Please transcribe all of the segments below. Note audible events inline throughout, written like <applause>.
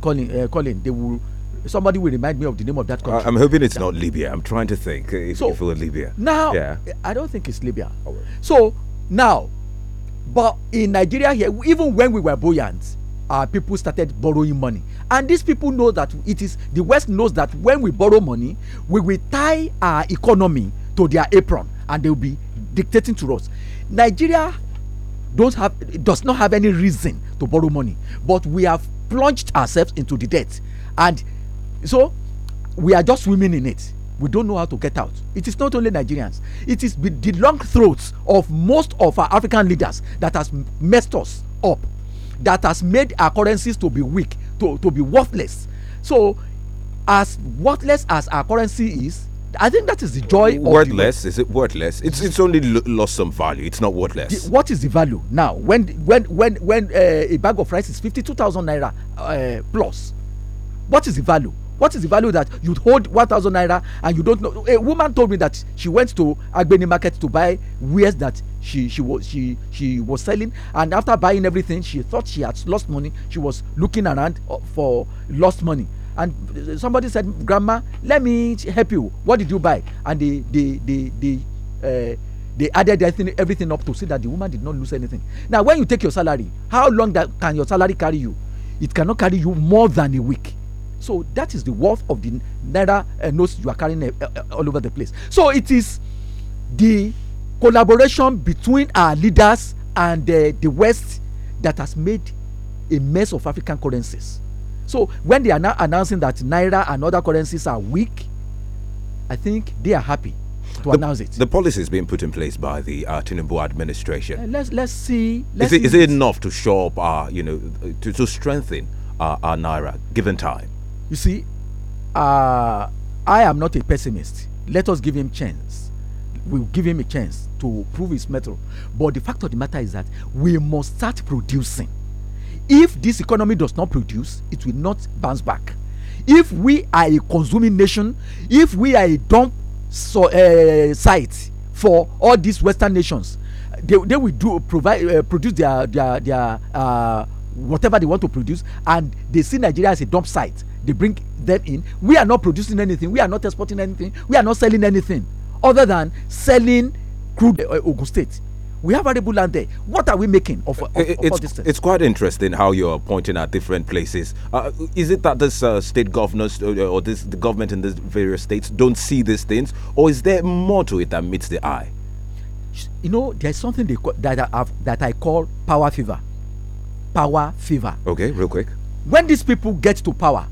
calling, uh, calling, they will somebody will remind me of the name of that country. I'm hoping it's not Libya. I'm trying to think if, so, if it Libya. Now, yeah. I don't think it's Libya. Right. Oh, so now, but in Nigeria here, even when we were buoyant, our people started borrowing money, and these people know that it is the West knows that when we borrow money, we will tie our economy to their apron, and they will be dictating to us. Nigeria don't have does not have any reason to borrow money, but we have plunged ourselves into the debt and so we are just swimming in it we don't know how to get out it is not only nigerians it is the long throats of most of our african leaders that has messed us up that has made our currencies to be weak to to be worthless so as worthless as our currency is I think that is the joy. Worthless? The is it worthless? It's it's only lost some value. It's not worthless. The, what is the value now? When when when when uh, a bag of rice is fifty two thousand naira uh, plus, what is the value? What is the value that you hold one thousand naira and you don't know? A woman told me that she went to Agbeni market to buy wares that she she was she she was selling, and after buying everything, she thought she had lost money. She was looking around uh, for lost money and somebody said grandma let me help you what did you buy and they they they they uh, they added everything, everything up to see that the woman did not lose anything now when you take your salary how long that can your salary carry you it cannot carry you more than a week so that is the worth of the naira uh, notes you are carrying uh, uh, all over the place so it is the collaboration between our leaders and uh, the west that has made a mess of african currencies So when they are now announcing that Naira and other currencies are weak, I think they are happy to the, announce it. The policy is being put in place by the uh, Tinubu administration. Uh, let's let's see. Let's is, it, see is it enough to show up our, uh, you know, to, to strengthen our, uh, our naira given time? You see, uh, I am not a pessimist. Let us give him chance. We'll give him a chance to prove his mettle. But the fact of the matter is that we must start producing. if this economy does not produce it will not bounce back if we are a consuming nation if we are a dump so, uh, site for all these western nations they, they will do provide uh, produce their their their uh, whatever they want to produce and they see nigeria as a dump site they bring them in we are not producing anything we are not exporting anything we are not selling anything other than selling crude uh, ogun state We have arable land there. What are we making of, of, it, of it's, It's quite interesting how you're pointing at different places. Uh, is it that this uh, state governors uh, or this the government in these various states don't see these things, or is there more to it that meets the eye? You know, there's something call, that I have, that I call power fever. Power fever. Okay, real quick. When these people get to power,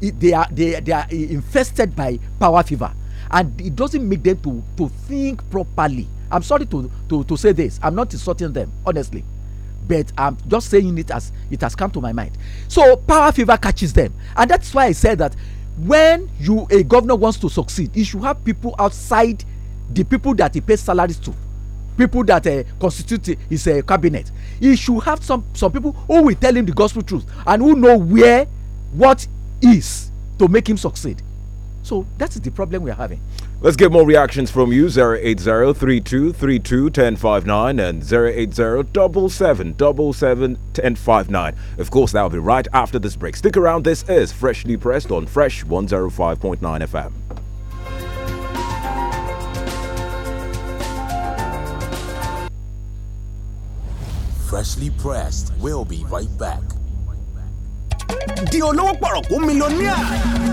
it, they are they, they are infested by power fever and it doesn't make them to to think properly I'm sorry to, to, to say this. I'm not insulting them, honestly. But I'm just saying it as it has come to my mind. So power fever catches them. And that's why I said that when you a governor wants to succeed, he should have people outside the people that he pays salaries to. People that uh, constitute his uh, cabinet. He should have some, some people who will tell him the gospel truth and who know where what is to make him succeed. So that is the problem we are having. Let's get more reactions from you 080-3232-1059 and 080-777-1059. Of course, that'll be right after this break. Stick around. This is Freshly Pressed on Fresh 105.9 FM. Freshly Pressed. We'll be right back. di olówó pọ̀rọ̀kú mílíọ̀nìà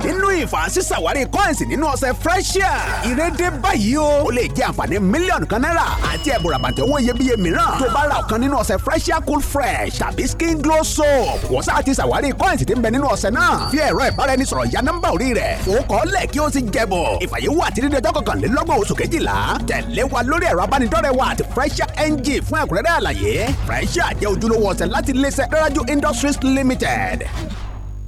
nínú ìfàṣìṣàwárí coins nínú ọ̀sẹ̀ freshia ìrèdè báyìí o ó lè jẹ́ àǹfààní mílíọ̀nù kan náírà àti ẹ̀bùn ràbàtì owó iyebíye mìíràn tó bá ra ọ̀kan nínú ọ̀sẹ̀ freshia cool fresh tàbí skin glow soap wọ́n sá ti ṣàwárí coins tí ń bẹ nínú ọ̀sẹ̀ náà fi ẹ̀rọ ìbáraẹnisọ̀rọ̀ ya nọ́mbà orí rẹ̀ ó kọ́ lẹ̀ kí ó sì jẹ̀bọ̀ ìfàyẹ̀wò àti dídé ọjọ́ kọkànlélọ́gbọ̀n oṣù kejìlá tẹ̀lé wa lórí freshia ng fún ẹ̀kúnrẹ́rẹ́ àlàyé freshia jẹ́ industries limited.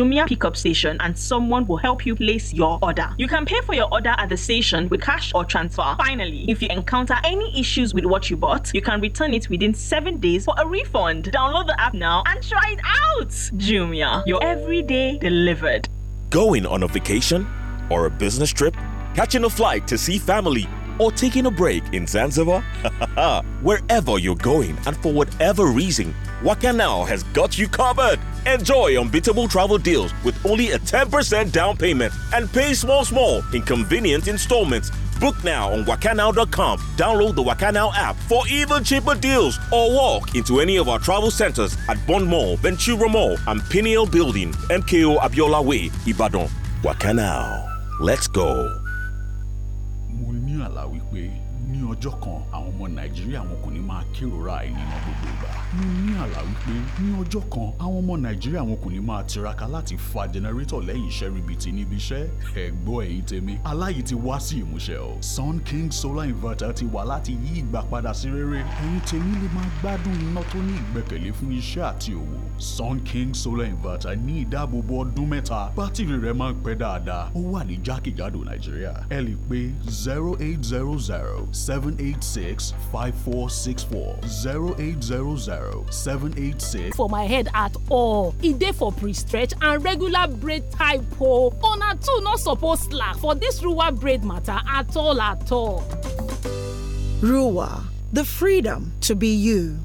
Jumia pickup station and someone will help you place your order. You can pay for your order at the station with cash or transfer. Finally, if you encounter any issues with what you bought, you can return it within 7 days for a refund. Download the app now and try it out. Jumia, your everyday delivered. Going on a vacation or a business trip, catching a flight to see family or taking a break in Zanzibar? <laughs> Wherever you're going and for whatever reason, Wakanao has got you covered. Enjoy unbeatable travel deals with only a 10% down payment and pay small, small in convenient installments. Book now on wakanao.com. Download the Wakanao app for even cheaper deals or walk into any of our travel centers at Bond Mall, Ventura Mall, and Pineal Building, MKO Abiola Way, Ibadan. Wakanao. Let's go. àlá wípé ní ọjọ́ kan àwọn ọmọ nàìjíríà wọn kò ní máa kérora àìníná gbogbo ìgbà mo ní àlá wípé ní ọjọ́ kan àwọn ọmọ nàìjíríà wọn kò ní máa tiraka láti fa jẹnẹrétọ̀ lẹ́yìn iṣẹ́ ribiti níbi iṣẹ́ ẹ̀gbọ́ ẹ̀yìn tèmi aláyìí ti wá sí ìmúṣẹ o Sun King solar inverter ti wà láti yí ìgbà padà sí rere ẹ̀yin tèmi lè máa gbádùn iná tó ní ìgbẹ́kẹ̀lé fún iṣẹ́ àti òwò Sun King solar inverter ní ìdáàbòbò ọdún mẹ́ta bátìrì rẹ̀ máa ń pẹ́ dáadáa ó wà ní jákèjádò nàìjíríà ẹ lè pè zero eight zero zero seven eight six five four six four zero eight zero zero 786 for my head at all It dey for pre-stretch and regular braid type on a two not supposed slack for this rua braid matter at all at all Rua, the freedom to be you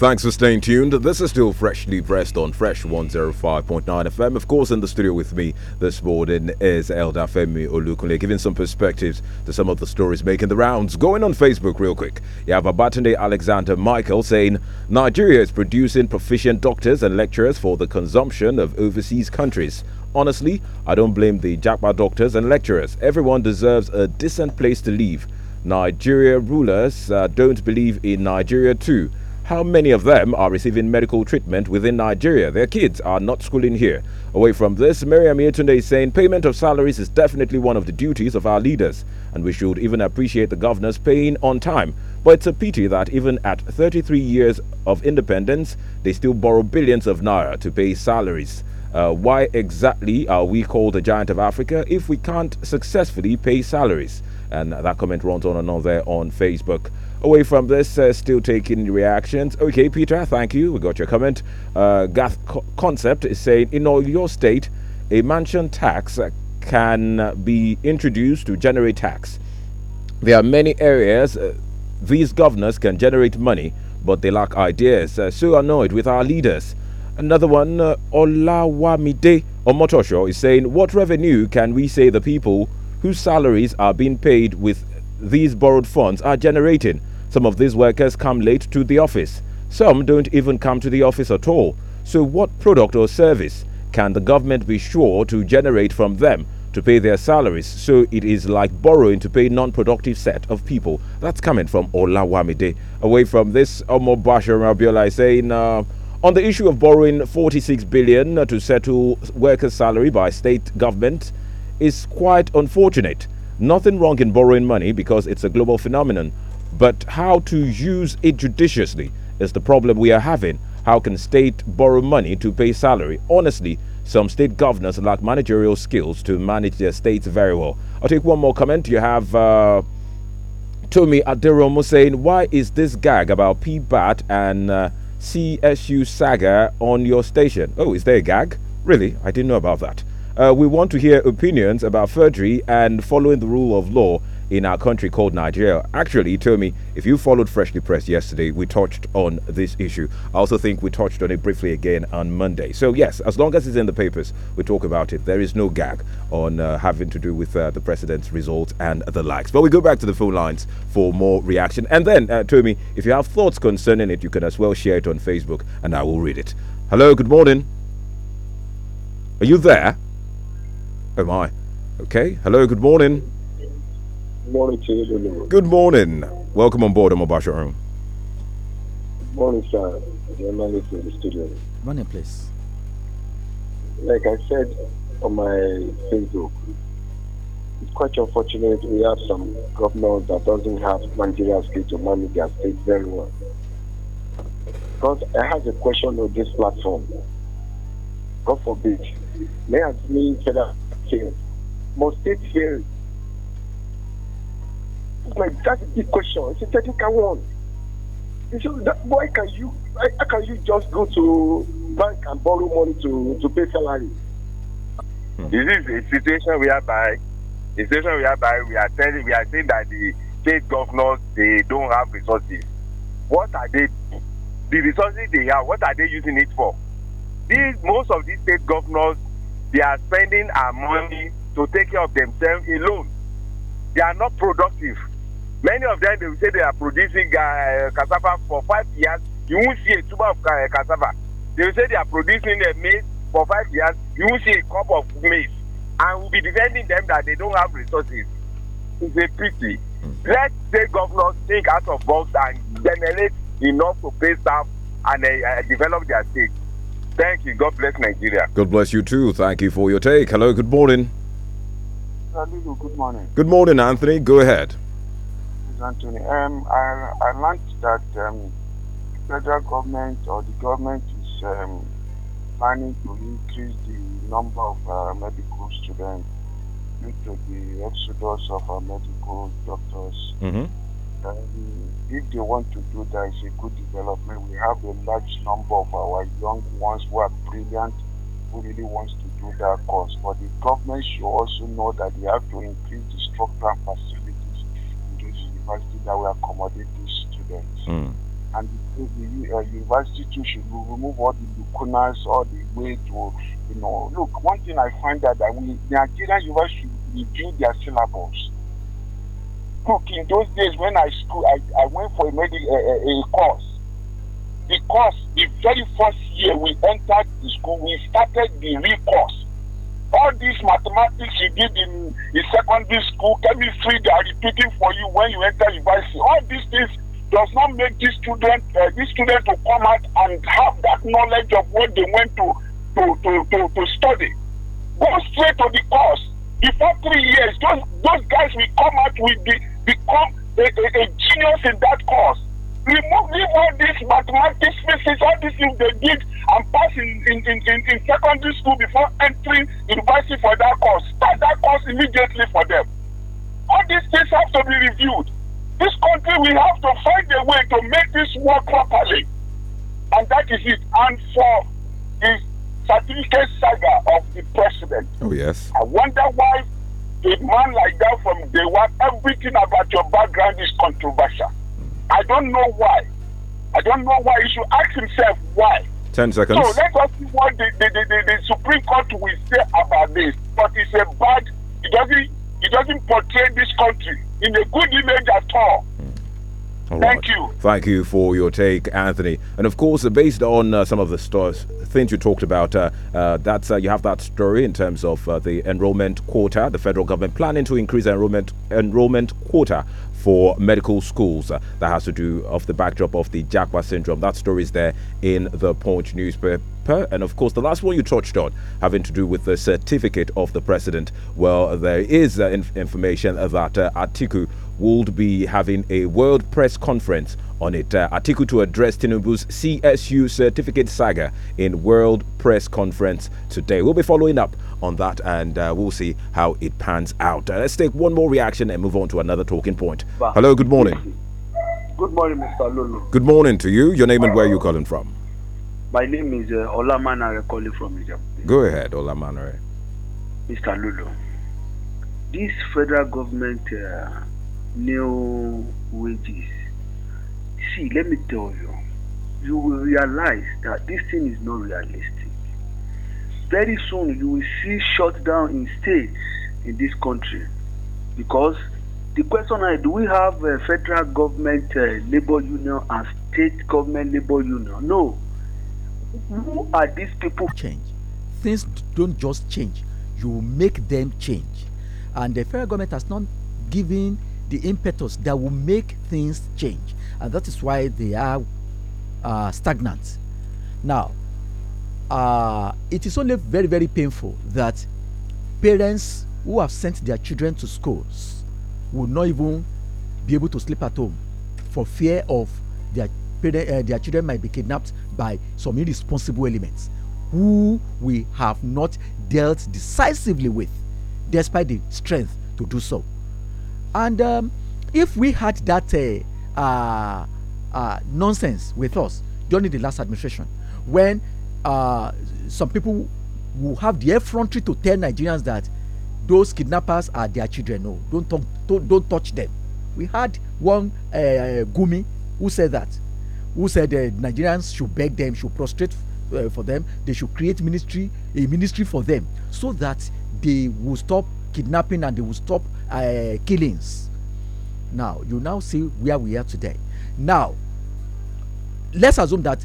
Thanks for staying tuned. This is still freshly pressed on Fresh 105.9 FM. Of course, in the studio with me this morning is Elda Femi Olukunle, giving some perspectives to some of the stories making the rounds. Going on Facebook real quick, you have Abatunde Alexander Michael saying Nigeria is producing proficient doctors and lecturers for the consumption of overseas countries. Honestly, I don't blame the Jackpot doctors and lecturers. Everyone deserves a decent place to live. Nigeria rulers uh, don't believe in Nigeria too. How many of them are receiving medical treatment within Nigeria? Their kids are not schooling here. Away from this, Miriam Yetunde is saying payment of salaries is definitely one of the duties of our leaders, and we should even appreciate the governors paying on time. But it's a pity that even at 33 years of independence, they still borrow billions of naira to pay salaries. Uh, why exactly are we called the giant of Africa if we can't successfully pay salaries? And that comment runs on and on there on Facebook. Away from this, uh, still taking reactions. Okay, Peter, thank you. We got your comment. Uh, Gath Co Concept is saying in all your state, a mansion tax can be introduced to generate tax. There are many areas uh, these governors can generate money, but they lack ideas. Uh, so annoyed with our leaders. Another one, uh, Olawamide Omotosho, is saying, What revenue can we say the people whose salaries are being paid with these borrowed funds are generating? Some of these workers come late to the office. Some don't even come to the office at all. So, what product or service can the government be sure to generate from them to pay their salaries? So, it is like borrowing to pay non productive set of people. That's coming from Olawamide. Away from this, Omo Rabiola is saying, uh, on the issue of borrowing 46 billion to settle workers' salary by state government is quite unfortunate. Nothing wrong in borrowing money because it's a global phenomenon. But how to use it judiciously is the problem we are having. How can state borrow money to pay salary? Honestly, some state governors lack managerial skills to manage their states very well. I'll take one more comment. You have uh, Tommy Adiromo saying, Why is this gag about PBAT and uh, CSU saga on your station? Oh, is there a gag? Really? I didn't know about that. Uh, we want to hear opinions about forgery and following the rule of law in our country called Nigeria actually told me if you followed Freshly Press yesterday, we touched on this issue. I also think we touched on it briefly again on Monday. So, yes, as long as it's in the papers, we talk about it. There is no gag on uh, having to do with uh, the president's results and the likes. But we go back to the phone lines for more reaction. And then, uh, Tommy, if you have thoughts concerning it, you can as well share it on Facebook and I will read it. Hello, good morning. Are you there? Oh my. Okay. Hello, good morning. Good morning to you. Good morning. Welcome on board, Mobasha Room. Good morning, sir. Journalist in the studio. Morning, please. Like I said on my Facebook, it's quite unfortunate we have some governors that doesn't have managerial skills to manage their state very well. Because I have a question on this platform. God forbid, may I mean federal Most states here my that's a big question. It's a technical one. So that, why can you how can you just go to bank and borrow money to to pay salary? Hmm. This is a situation whereby the situation whereby we are telling we are saying that the state governors they don't have resources. What are they the resources they have, what are they using it for? These most of these state governors they are spending our money to take care of themselves alone. They are not productive. Many of them, they will say they are producing uh, cassava for five years. You won't see a tuber of uh, cassava. They will say they are producing uh, maize for five years. You won't see a cup of maize. And we'll be defending them that they don't have resources. It's a pity. Hmm. Let the governors think out of box and generate enough to pay staff and uh, develop their state. Thank you. God bless Nigeria. God bless you too. Thank you for your take. Hello. Good morning. Hello, good morning. Good morning, Anthony. Go ahead. Anthony. Um, I, I learned that um, federal government or the government is um, planning to increase the number of uh, medical students due to the exodus of our medical doctors. Mm-hmm. Um, if they want to do that, it's a good development. We have a large number of our young ones who are brilliant, who really wants to do that course. But the government should also know that they have to increase the structure and facility that will accommodate these students. Mm. And the, the uh, university too should remove all the lacunas, all the way to, you know, look, one thing I find that, that we, Nigerian university review their syllabus. Look, in those days when I school, I, I went for a, med- a, a, a course. Because the very first year we entered the school, we started the recourse all these mathematics you did in, in secondary school, chemistry they are repeating for you when you enter university, all these things does not make these students uh, these students to come out and have that knowledge of what they went to to, to, to, to study. Go straight to the course. Before three years, those, those guys will come out with the, become a, a, a genius in that course removing all these mathematics, physics, all these things they did and pass in, in, in, in, secondary school before entering university for that course. Start that course immediately for them. All these things have to be reviewed. This country, we have to find a way to make this work properly. And that is it. And for the certificate saga of the president. Oh, yes. I wonder why a man like that from day one, everything about your background is controversial. I don't know why. I don't know why. He should ask himself why. 10 seconds. So let us see what the, the, the, the, the Supreme Court will say about this. But it's a bad, it doesn't, it doesn't portray this country in a good image at all. All Thank right. you. Thank you for your take, Anthony. And of course, based on uh, some of the things you talked about, uh, uh, that's, uh, you have that story in terms of uh, the enrollment quota, the federal government planning to increase enrollment enrollment quota for medical schools uh, that has to do of the backdrop of the Jaguar syndrome. That story is there in the Punch newspaper. And of course, the last one you touched on having to do with the certificate of the president. Well, there is uh, inf information that uh, Atiku would be having a world press conference on it. Uh, to address Tinubu's CSU certificate saga in World Press Conference today. We'll be following up on that and uh, we'll see how it pans out. Uh, let's take one more reaction and move on to another talking point. Hello, good morning. Good morning, Mr. Lulu. Good morning to you. Your name and where are you calling from? My name is uh, Manare, calling from Ijabode. Go ahead, Manare. Mr. Lulu, this federal government uh, new wages see, let me tell you, you will realize that this thing is not realistic. Very soon, you will see shutdown in states in this country because the question is do we have a federal government uh, labor union and state government labor union? No. Who are these people? Change. Things don't just change, you make them change. And the federal government has not given the impetus that will make things change and that is why they are uh, stagnant. Now, uh, it is only very, very painful that parents who have sent their children to schools will not even be able to sleep at home for fear of their parent, uh, their children might be kidnapped by some irresponsible elements who we have not dealt decisively with despite the strength to do so and um, if we had that uh, uh, uh, nonsense with us during the last administration when uh, some people will have the effrontery to tell Nigerians that those kidnappers are their children. No, don't talk, don't, don't touch them. We had one uh, Gumi who said that, who said uh, Nigerians should beg them, should prostrate uh, for them, they should create ministry, a ministry for them, so that they will stop kidnapping and they will stop uh, killings. Now, you now see where we are today. Now, let's assume that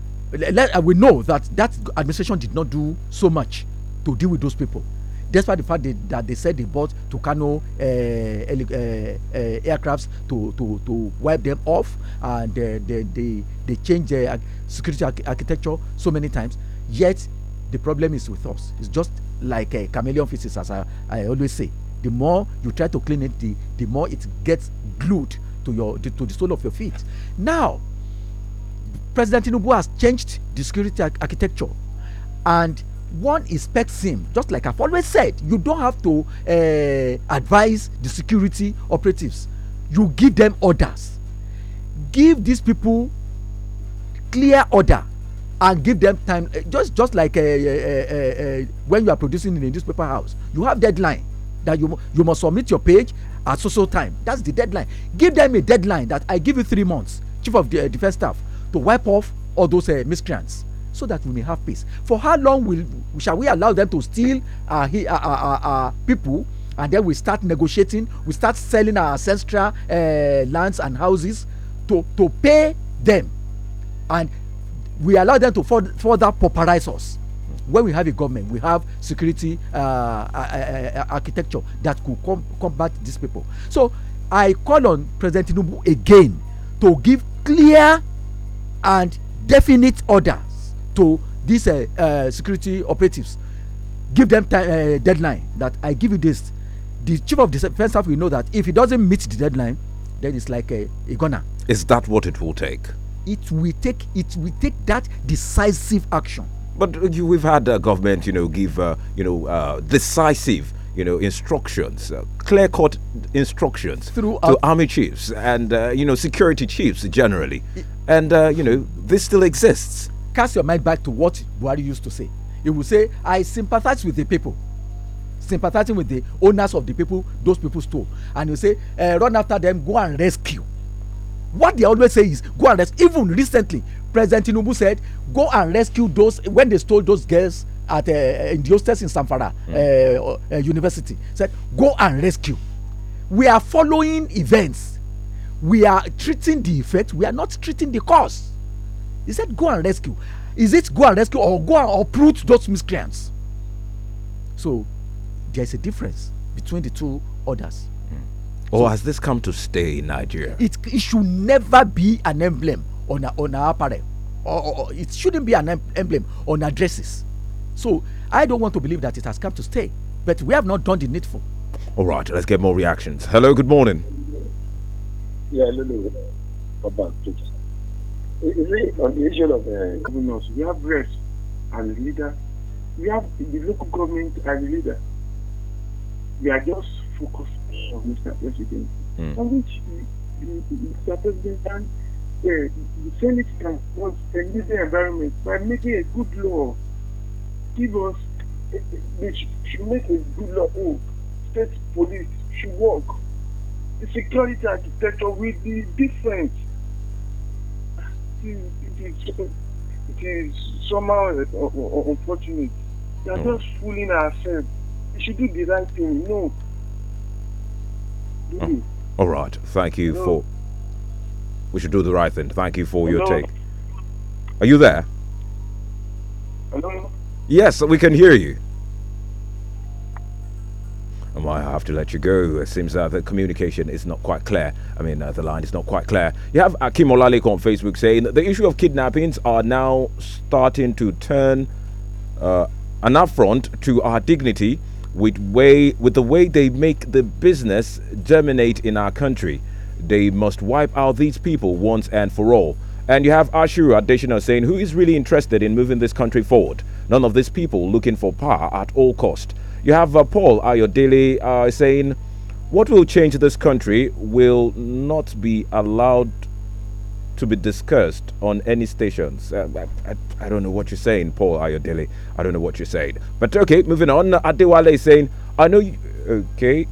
let, uh, we know that that administration did not do so much to deal with those people despite the fact they, that they said they bought Tucano uh, uh, uh, aircrafts to, to, to wipe them off and they, they, they changed their security architecture so many times. Yet, the problem is with us. It's just like a chameleon faces, as I, I always say the more you try to clean it, the, the more it gets glued to your to, to the sole of your feet. Now, President Tinubu has changed the security ar architecture, and one inspects him. Just like I've always said, you don't have to uh, advise the security operatives. You give them orders. Give these people clear order and give them time. Eh, just just like uh, uh, when you are producing in a newspaper house, you have deadline that you, you must submit your page at so so time. That's the deadline. Give them a deadline that I give you three months, Chief of the uh, Defense Staff, to wipe off all those uh, miscreants so that we may have peace. For how long will shall we allow them to steal our, our, our, people and then we start negotiating, we start selling our ancestral uh, lands and houses to, to pay them and we allow them to further pauperize us? when we have a government we have security uh uh, uh, uh, architecture that could com combat these people so i call on president tinubu again to give clear and definite orders to these uh, security operatives give them time, deadline that i give you this the chief of defense staff will know that if he doesn't meet the deadline then it's like a, a gunner is that what it will take it will take it will take that decisive action but you, we've had uh, government, you know, give uh, you know uh, decisive, you know, instructions, uh, clear-cut instructions Throughout. to army chiefs and uh, you know security chiefs generally, and uh, you know this still exists. Cast your mind back to what Buhari used to say. He would say, "I sympathize with the people." sympathizing with the owners of the people those people stole and you say eh, run after them go and rescue what they always say is go and rescue even recently President Tinubu said, go and rescue those when they stole those girls at uh, in the in Samfara mm. uh, uh, University. Said, go and rescue. We are following events. We are treating the effect. We are not treating the cause. He said, go and rescue. Is it go and rescue or go and uproot those miscreants? So there is a difference between the two orders. Mm. Or oh, so, has this come to stay in Nigeria? It, it should never be an emblem on our, on our apparel, or, or, or, it shouldn't be an emblem on our dresses. So I don't want to believe that it has come to stay, but we have not done the needful. All right, let's get more reactions. Hello, good morning. Yeah, hello, Papa, please. Is it on the issue of governors, uh, we have reps and leader, we have the local government and leader. We are just focused on Mr. President, mm. on which Mr. President the Senate can want a living environment by making a good law. Give us, uh, they should make a good law. Oh, state police should work. The security architecture will be different. It is, it is somehow uh, uh, uh, unfortunate. We are mm. just fooling ourselves. We should do the right thing. No. Do mm. All right. Thank you no. for we should do the right thing. Thank you for Hello? your take. Are you there? Hello? Yes, we can hear you. I might have to let you go. It seems that uh, the communication is not quite clear. I mean, uh, the line is not quite clear. You have Akim Olaleko on Facebook saying the issue of kidnappings are now starting to turn uh, an affront to our dignity with way with the way they make the business germinate in our country. They must wipe out these people once and for all. And you have Ashura Adeshina saying, who is really interested in moving this country forward? None of these people looking for power at all cost. You have uh, Paul Ayodele uh, saying, what will change this country will not be allowed to be discussed on any stations. Uh, I, I, don't know what you're saying, Paul Ayodele. I don't know what you're saying. But okay, moving on. Adewale saying, I know you. Okay.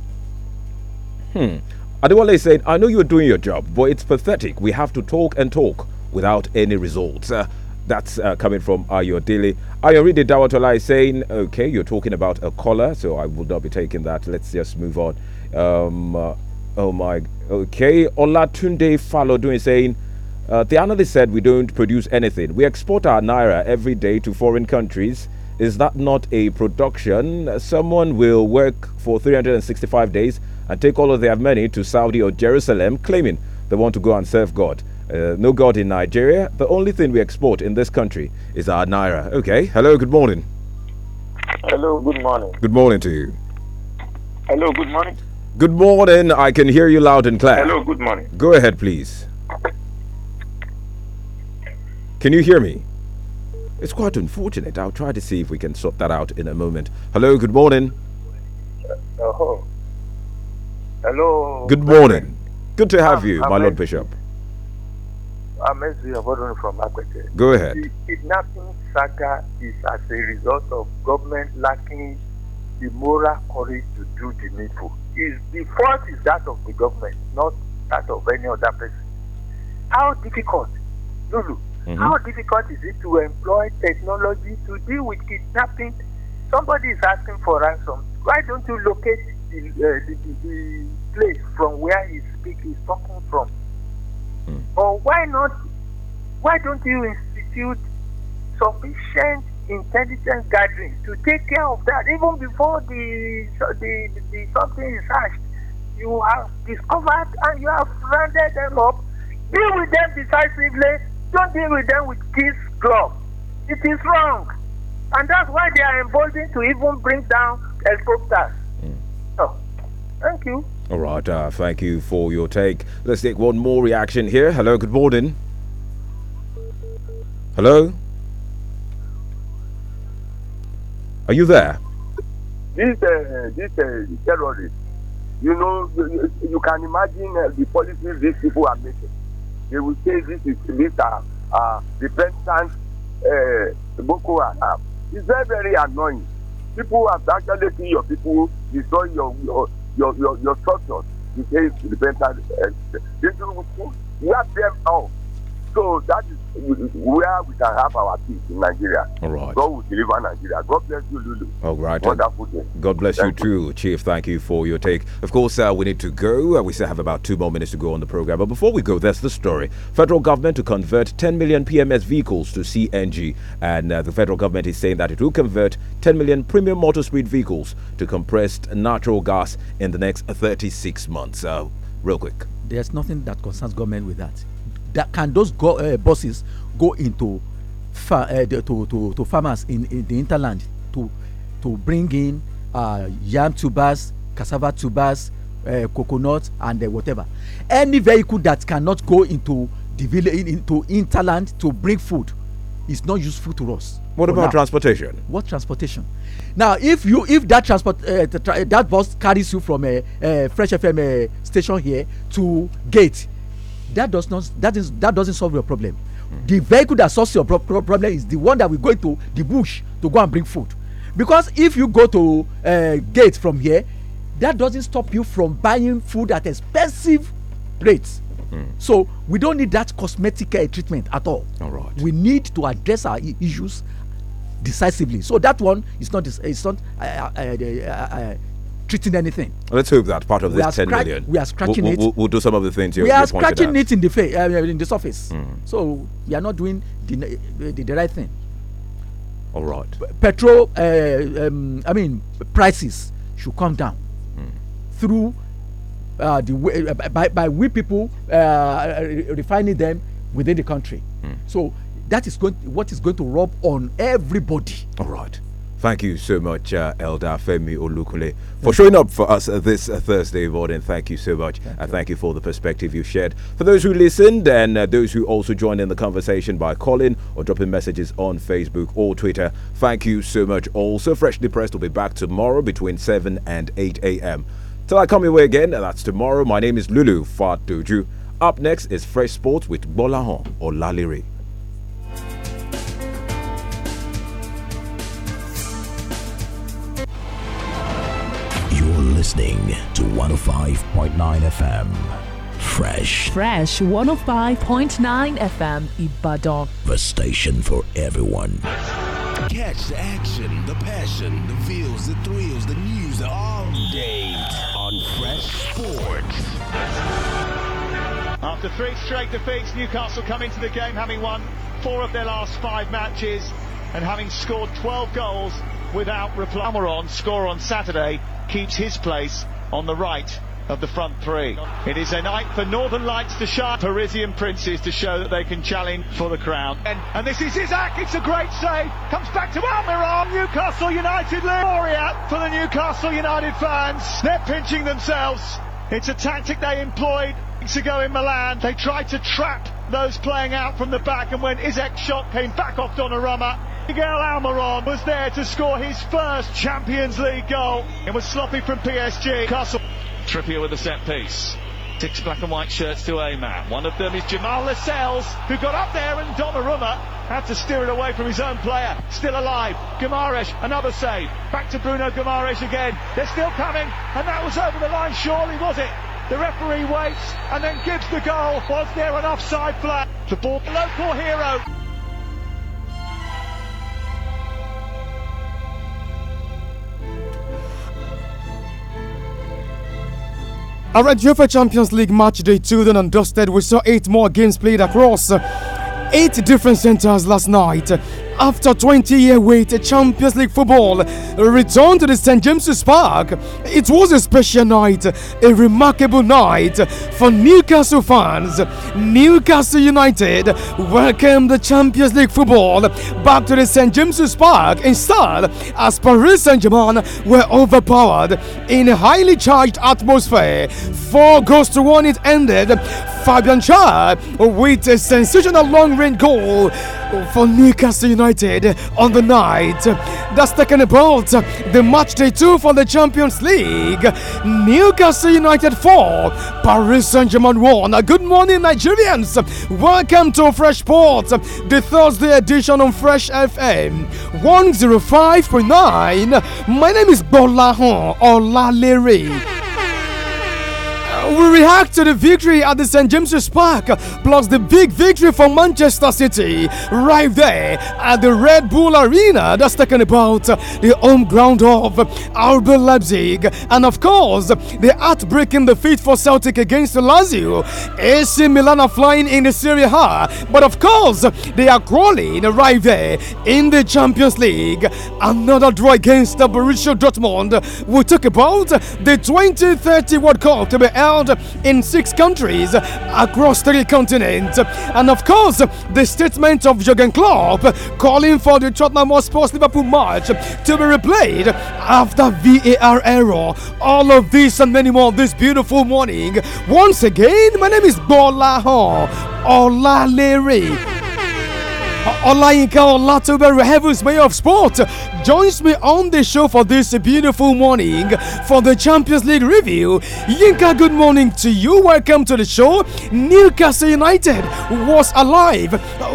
Hmm. Adewale said, I know you're doing your job, but it's pathetic. We have to talk and talk without any results. Uh, that's uh, coming from Ayo Dili. Ayo Ride Dawatola is saying, okay, you're talking about a collar, so I will not be taking that. Let's just move on. Um, uh, oh my, okay. Olatunde Falodun doing saying, uh, the analyst said we don't produce anything. We export our naira every day to foreign countries. Is that not a production? Someone will work for 365 days and take all of their money to Saudi or Jerusalem, claiming they want to go and serve God. Uh, no God in Nigeria. The only thing we export in this country is our naira. Okay. Hello. Good morning. Hello. Good morning. Good morning to you. Hello. Good morning. Good morning. I can hear you loud and clear. Hello. Good morning. Go ahead, please. Can you hear me? It's quite unfortunate. I'll try to see if we can sort that out in a moment. Hello. Good morning. Uh, oh. Hello. Good morning. Good to have I'm, you, I'm my Lord Bishop. I'm Ezri Abodon from Akwete. Go ahead. The kidnapping saga is as a result of government lacking the moral courage to do the needful. Is the fault is that of the government, not that of any other person. How difficult, Lulu? Mm -hmm. How difficult is it to employ technology to deal with kidnapping? Somebody is asking for ransom. Why don't you locate the, uh, the, the, the, place from where he speak is talking from. Mm. Or why not? Why don't you institute sufficient intelligence gathering to take care of that? Even before the the, the something is hatched, you have discovered and you have rounded them up. Deal with them decisively. Don't deal with them with this glove. It is wrong. And that's why they are emboldened to even bring down helicopters. Thank you. All right, uh, thank you for your take. Let's take one more reaction here. Hello, good morning. Hello? Are you there? This, uh, this uh, terrorist, you know, you, you can imagine uh, the policies these people are making. They will say this is this are uh, repentant uh, Boko Haram. It's very, very annoying. People have actually seen your people destroy your, your your your your structures against the mental. Uh, they do with have them all. So that is where we can have our peace in Nigeria. All right. God will deliver Nigeria. God bless you, Lulu. All right. Wonderful day. God bless thank you too, you. Chief. Thank you for your take. Of course, uh, we need to go. Uh, we still have about two more minutes to go on the program. But before we go, there's the story. Federal government to convert 10 million PMS vehicles to CNG. And uh, the federal government is saying that it will convert 10 million premium motor speed vehicles to compressed natural gas in the next 36 months. Uh, real quick. There's nothing that concerns government with that that can those go, uh, buses go into uh, to, to, to farmers in, in, the interland to to bring in uh, yam tubers, cassava tubers, uh, coconut, and uh, whatever. Any vehicle that cannot go into the village into interland to bring food is not useful to us. What about now. transportation? What transportation? Now, if you if that transport uh, tra that bus carries you from a, uh, a uh, Fresh FM uh, station here to gate, that does not that is that doesn't solve your problem. Mm. The vehicle that solves your pro pro problem is the one that will go to the bush to go and bring food, because if you go to uh, gate from here, that doesn't stop you from buying food at expensive rates. Mm. So we don't need that cosmetic treatment at all. All right. We need to address our issues decisively. So that one is not is not uh, uh, treating anything. Let's hope that part of we this 10 million. We are scratching we'll, it. We'll, we'll, do some of the things you We are scratching it in the face, uh, in the surface. Mm. So we are not doing the, the, the right thing. All right. Petrol, uh, um, I mean, prices should come down mm. through uh, the way, uh, by, by we people uh, refining them within the country. Mm. So that is going what is going to rub on everybody. All right. Thank you so much, uh, Elder Femi Olukule, for showing up for us this uh, Thursday morning. Thank you so much. Thank and thank you for the perspective you shared. For those who listened and uh, those who also joined in the conversation by calling or dropping messages on Facebook or Twitter, thank you so much. Also, Freshly Pressed will be back tomorrow between 7 and 8 a.m. Till I come your way again, that's tomorrow. My name is Lulu Fatuju. Up next is Fresh Sports with Bolahon or Laliri. listening to 105.9 FM. Fresh. Fresh 105.9 FM Ibadan. The station for everyone. Catch the action, the passion, the feels, the thrills, the news all day on Fresh Sports. After three straight defeats, Newcastle come into the game having won four of their last five matches and having scored 12 goals without reply. Almiron, score on Saturday, keeps his place on the right of the front three. It is a night for Northern Lights to shine, Parisian Princes to show that they can challenge for the crown. And, and this is Isaac, it's a great save, comes back to Almiron, Newcastle United glory out for the Newcastle United fans. They're pinching themselves. It's a tactic they employed weeks ago in Milan. They tried to trap those playing out from the back and when Isaac's shot came back off Donnarumma, Miguel Almiron was there to score his first Champions League goal. It was sloppy from PSG. Castle. Trippier with a set piece. Six black and white shirts to a man. One of them is Jamal Lascelles, who got up there and Donnarumma had to steer it away from his own player. Still alive. Gamares, another save. Back to Bruno Gamares again. They're still coming, and that was over the line, surely, was it? The referee waits and then gives the goal. Was there an offside flag? The ball, local hero. Alright, UEFA Champions League match day 2 done and dusted. We saw 8 more games played across eight different centers last night. After 20 year wait, Champions League football returned to the St. James's Park. It was a special night, a remarkable night for Newcastle fans. Newcastle United welcomed the Champions League football back to the St. James's Park in style as Paris Saint Germain were overpowered in a highly charged atmosphere. Four goals to one, it ended. Fabian Char with a sensational long goal for Newcastle United on the night. That's taken about the match day two for the Champions League. Newcastle United 4, Paris Saint Germain 1. Good morning, Nigerians. Welcome to Fresh Port, the Thursday edition on Fresh FM 105.9. My name is Bola Hon we react to the victory at the St. James's Park, plus the big victory for Manchester City right there at the Red Bull Arena. That's talking about the home ground of RB Leipzig, and of course, the heartbreaking defeat for Celtic against Lazio. AC Milan are flying in the Serie A, but of course, they are crawling right there in the Champions League. Another draw against Borussia Dortmund. We'll talk about the 2030 World Cup to be held in six countries across three continents. And of course, the statement of Jurgen Klopp calling for the Tottenham Hotspur Liverpool match to be replayed after VAR error. All of this and many more this beautiful morning. Once again, my name is Bola Ho. Olalere Olainka Olatobe Heaven's Mayor of Sport joins me on the show for this beautiful morning for the Champions League review. Yinka, good morning to you. Welcome to the show. Newcastle United was alive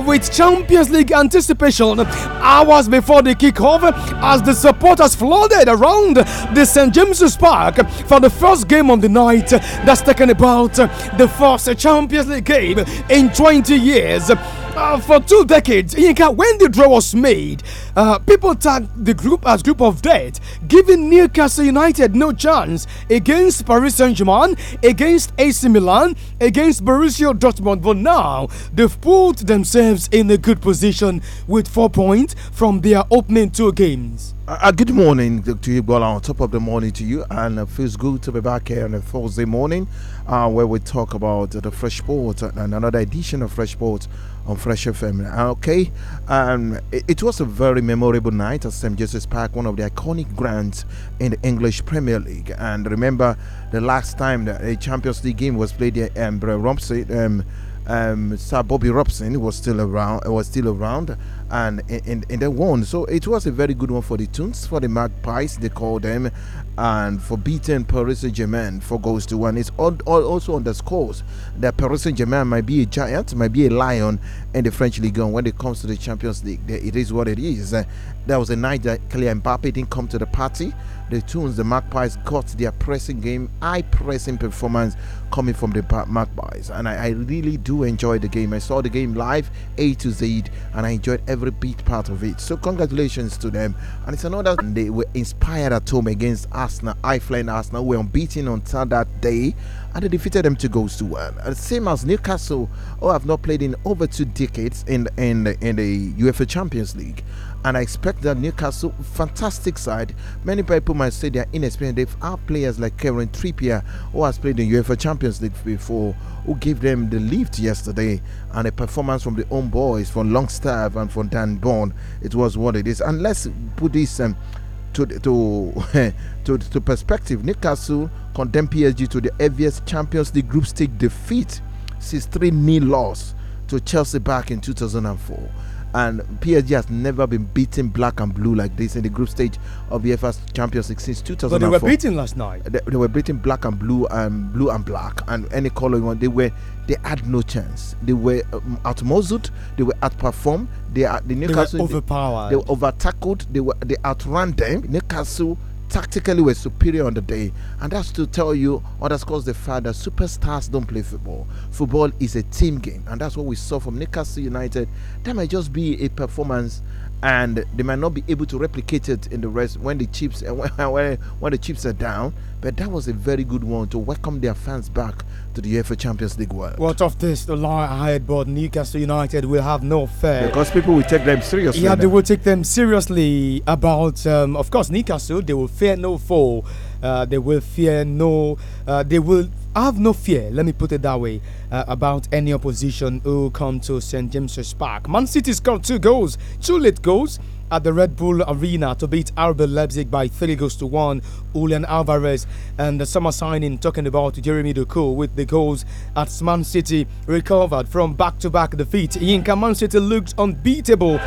with Champions League anticipation hours before the kickoff as the supporters flooded around the St. James's Park for the first game on the night. That's taken about the first Champions League game in 20 years uh, for two decades, when the draw was made, uh, people tagged the group as Group of Death, giving Newcastle United no chance against Paris Saint-Germain, against AC Milan, against Borussia Dortmund. But now, they've pulled themselves in a good position with four points from their opening two games. Uh, uh good morning to you, Bola. On top of the morning to you, and it uh, feels good to be back here on a Thursday morning, uh, where we talk about uh, the fresh sport and another edition of fresh sport on Fresh FM. Uh, okay, um, it, it, was a very memorable night at St. Joseph's Park, one of the iconic grounds in the English Premier League. And remember, the last time that a Champions League game was played there, eh, um, Robson, um, um, Sir Bobby Robson was still around, was still around, and eh, and, and they won. So it was a very good one for the Toons, for the Magpies, they call them, and for beating Paris Saint Germain for goals to one. It also underscores that Paris Saint Germain might be a giant, might be a lion, in the French League and When it comes to the Champions League, it is what it is. Uh, that was a night that Kylian Mbappe didn't come to the party. The Toons, the Magpies, got their pressing game, high pressing performance coming from the Magpies. And I, I really do enjoy the game. I saw the game live, A to Z, and I enjoyed every bit part of it. So congratulations to them. And it's another they were inspired at home against Arsenal, I in Arsenal, were unbeaten until that day and they defeated them two goals to one. Uh, uh, same as Newcastle, who have not played in over two decades in in in the UEFA Champions League, and I expect that Newcastle, fantastic side. Many people might say they are inexperienced. They've players like Kevin Trippier, who has played in UEFA Champions League before, who gave them the lift yesterday, and a performance from the home boys, from Longstaff and from Dan Bourne. It was what it is. And let's put this. Um, to to, <laughs> to, to perspective, Newcastle condemned PSG to the heaviest Champions League group stage defeat since 3 nil loss to Chelsea back in 2004 and PSG has never been beaten black and blue like this in the group stage of the FA Champions League since 2004. But they were beaten last night. They, they, were beaten black and blue and blue and black and any color you want. They were they had no chance. They were um, outmuscled. They were outperformed. They are the Newcastle they were overpowered. They, they were overtackled. They were they outran them. Newcastle tactically were superior on the day. And that's to tell you, underscores the fact that superstars don't play football. Football is a team game. And that's what we saw from Newcastle United. That might just be a performance and they might not be able to replicate it in the rest when the chips <laughs> when, when the chips are down but that was a very good one to welcome their fans back to the UEFA Champions League World. What of this? The line hired about Newcastle United will have no fear. Because people will take them seriously. Yeah, now. they will take them seriously about, um, of course, Newcastle. They will fear no foe. Uh, they will fear no. Uh, they will have no fear. Let me put it that way uh, about any opposition who come to St James's Park. Man City scored two goals, two late goals at the Red Bull Arena to beat RB Leipzig by three goals to one. Julian Alvarez and the summer signing talking about Jeremy Doku with the goals at Man City recovered from back-to-back defeat. Yinka Man City looked unbeatable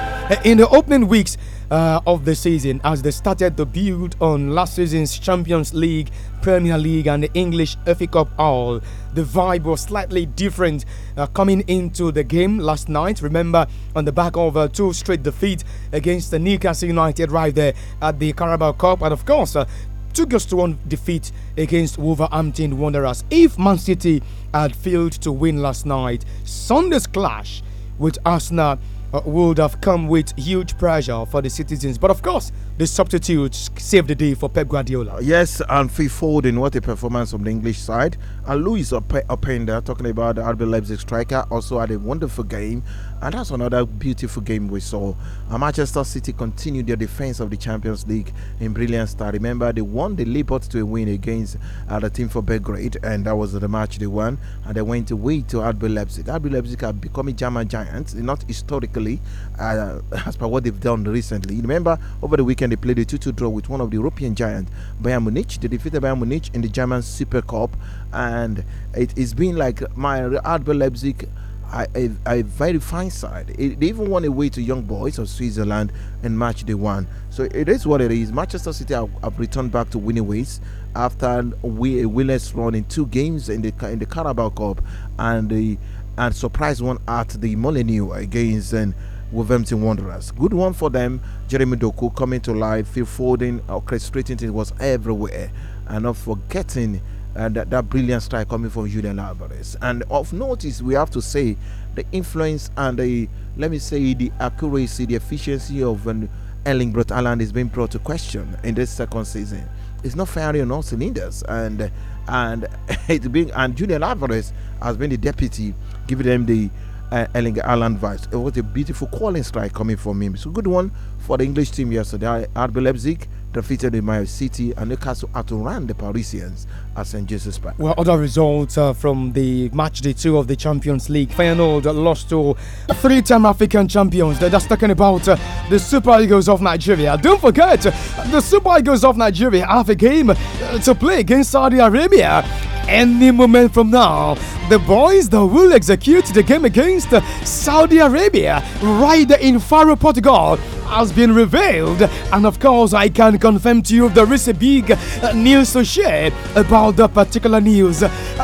in the opening weeks uh, of the season as they started the build on last season's Champions League, Premier League, and the English FA Cup all. The vibe was slightly different uh, coming into the game last night. Remember, on the back of uh, two straight defeats against the Newcastle United right there at the Carabao Cup, and of course, uh, 2 goals to 1 defeat against Wolverhampton Wanderers. If Man City had failed to win last night, Sunday's clash with Arsenal uh, would have come with huge pressure for the citizens. But of course, the substitutes saved the day for Pep Guardiola. Yes, and forward Foden, what a performance from the English side. And Luis Openda, talking about the RB Leipzig striker, also had a wonderful game. And that's another beautiful game we saw. And Manchester City continued their defense of the Champions League in brilliant style. Remember, they won the Leopards to a win against uh, the team for Belgrade, and that was the match they won. And they went away to RB Leipzig. RB Leipzig have become a German giant, not historically, uh, <laughs> as per what they've done recently. Remember, over the weekend they played a 2 2 draw with one of the European giants, Bayern Munich. They defeated Bayern Munich in the German Super Cup, and it, has been like my RB Leipzig a very fine side. It, they even won away to Young Boys of Switzerland in match day one. So it is what it is. Manchester City have, have returned back to winning ways after we, a winless run in two games in the in the Carabao Cup and the and surprise one at the Molineux against and. Um, Wolverhampton Wanderers. Good one for them. Jeremy Doku coming to life, field folding, uh, orchestrating it was everywhere, and not forgetting uh, that, that brilliant strike coming from Julian Alvarez. And of notice, we have to say the influence and the, let me say, the accuracy, the efficiency of an um, Erling Brot is being brought to question in this second season. It's not firing on all cylinders, and and <laughs> it being and Julian Alvarez has been the deputy, giving them the uh, Erling Haaland vibes. It was a beautiful calling strike coming from him. It's a good one for the English team yesterday. RB Leipzig defeated the Mayo City and Newcastle outran the Parisians at St. Jesus Park. Well, other results uh, from the match day two of the Champions League. Feyenoord lost to three-time African champions. They're just talking about uh, the Super Eagles of Nigeria. Don't forget, the Super Eagles of Nigeria have a game uh, to play against Saudi Arabia any moment from now. The boys that will execute the game against Saudi Arabia right in Faro, Portugal has been revealed. And of course, I can confirm to you there is a big uh, news to share about the particular news.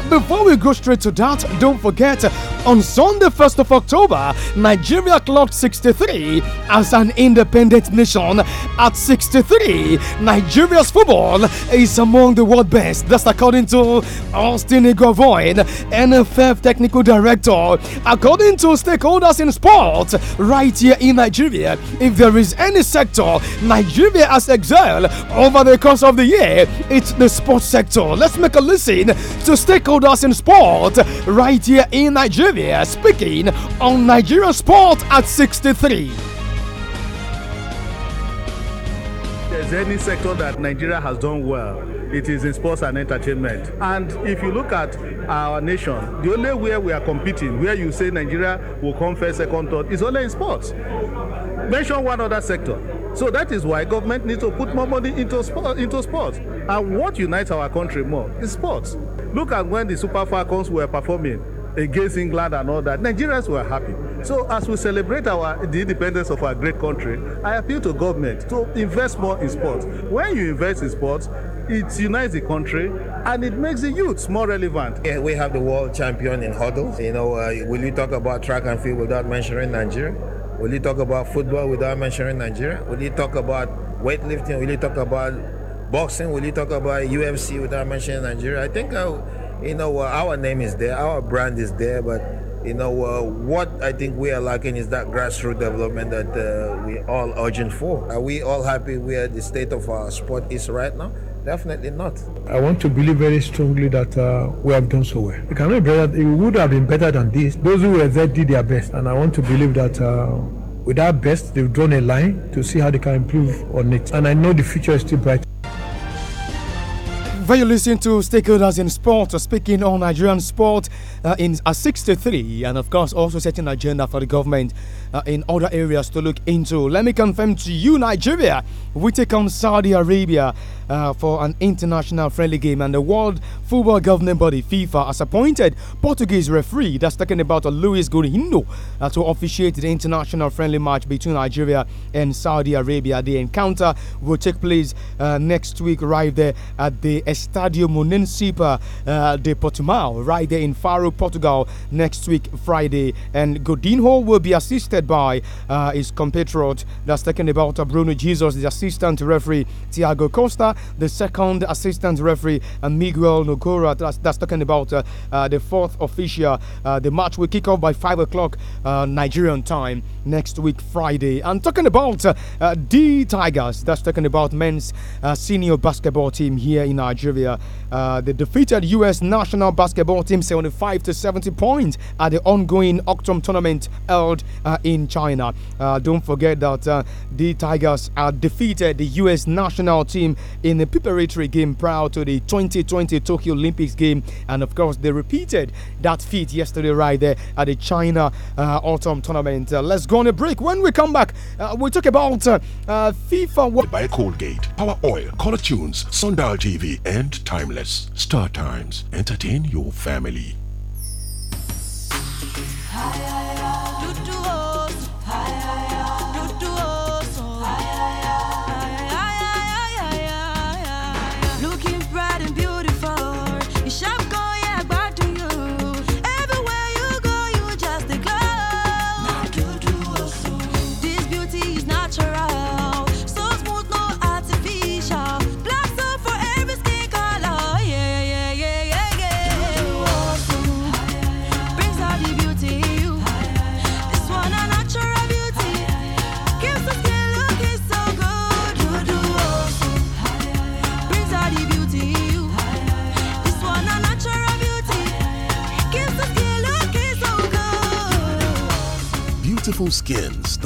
Before we go straight to that, don't forget on Sunday, 1st of October, Nigeria clocked 63 as an independent nation. At 63, Nigeria's football is among the world best. That's according to Austin Igovoin, NFF technical director. According to stakeholders in sport, right here in Nigeria, if there is any sector Nigeria has excelled over the course of the year, it's the sports sector. Let's make a listen to stakeholders in sport right here in Nigeria speaking on Nigeria sport at 63. There's any sector that Nigeria has done well it is in sports and entertainment. And if you look at our nation, the only way we are competing, where you say Nigeria will come first, second, third, is only in sports. Mention one other sector. So that is why government needs to put more money into sport, into sports. And what unites our country more is sports. Look at when the Super Falcons were performing against England and all that. Nigerians were happy. So as we celebrate our the independence of our great country, I appeal to government to invest more in sports. When you invest in sports, it unites the country and it makes the youths more relevant. Yeah, we have the world champion in hurdles. You know, uh, will you talk about track and field without mentioning Nigeria? Will you talk about football without mentioning Nigeria? Will you talk about weightlifting? Will you talk about boxing? Will you talk about UFC without mentioning Nigeria? I think, uh, you know, uh, our name is there, our brand is there, but you know uh, what i think we are lacking is that grassroots development that uh, we all urgent for are we all happy where the state of our sport is right now Definitely not. I want to believe very strongly that uh, we have done so well. It cannot be better. It would have been better than this. Those who were there did their best, and I want to believe that. Uh, with our best, they've drawn a line to see how they can improve on it. And I know the future is still bright. Where you listen to stakeholders in sport speaking on Nigerian sport uh, in a uh, 63 and of course also setting agenda for the government uh, in other areas to look into. Let me confirm to you Nigeria, we take on Saudi Arabia uh, for an international friendly game and the World Football Governing Body FIFA has appointed Portuguese referee that's talking about Luis Gurindo uh, to officiate the international friendly match between Nigeria and Saudi Arabia. The encounter will take place uh, next week right there at the Estadio Municipal uh, de Portimao, right there in Faro, Portugal, next week, Friday. And Godinho will be assisted by uh, his compatriot, that's talking about uh, Bruno Jesus, the assistant referee, Thiago Costa, the second assistant referee, Miguel Nogora. That's, that's, talking about uh, uh, the fourth official. the match will kick off by 5 o'clock Nigerian time next week, Friday. And talking about the Tigers, that's talking about men's senior basketball team here in Nigeria. Nigeria. Uh, they defeated U.S. national basketball team 75 to 70 points at the ongoing Octum tournament held uh, in China. Uh, don't forget that uh, the Tigers defeated the U.S. national team in the preparatory game prior to the 2020 Tokyo Olympics game, and of course they repeated that feat yesterday right there at the China Autumn uh, tournament. Uh, let's go on a break. When we come back, we'll talk about FIFA. By Colgate, Power Oil, Color Tunes, Sundial TV, and and timeless. Star Times. Entertain your family. Hi, hi, hi.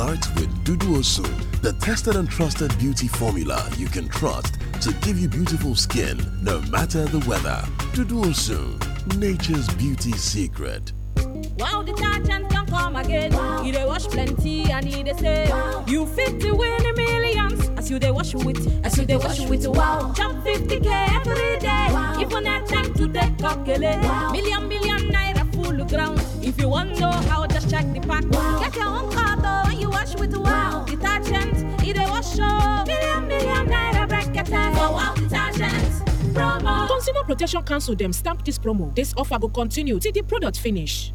starts with Duduoso, the tested and trusted beauty formula you can trust to give you beautiful skin no matter the weather. Duduoso, nature's beauty secret. Wow, detergent can come again. Wow. You they wash plenty and you they say wow. you fit to win a millions. As you dey wash with, as you dey wash with, wow. Jump 50k every day. Wow. If you not time to take calculate, wow. million million naira full ground. If you want know how, just check the pack. Wow. Get your own car though watch with wow detergent. It a wash up million million naira bracket. Eh. For wow detergent. Promo. Consumer Protection Council them stamp this promo. This offer will continue till the product finish.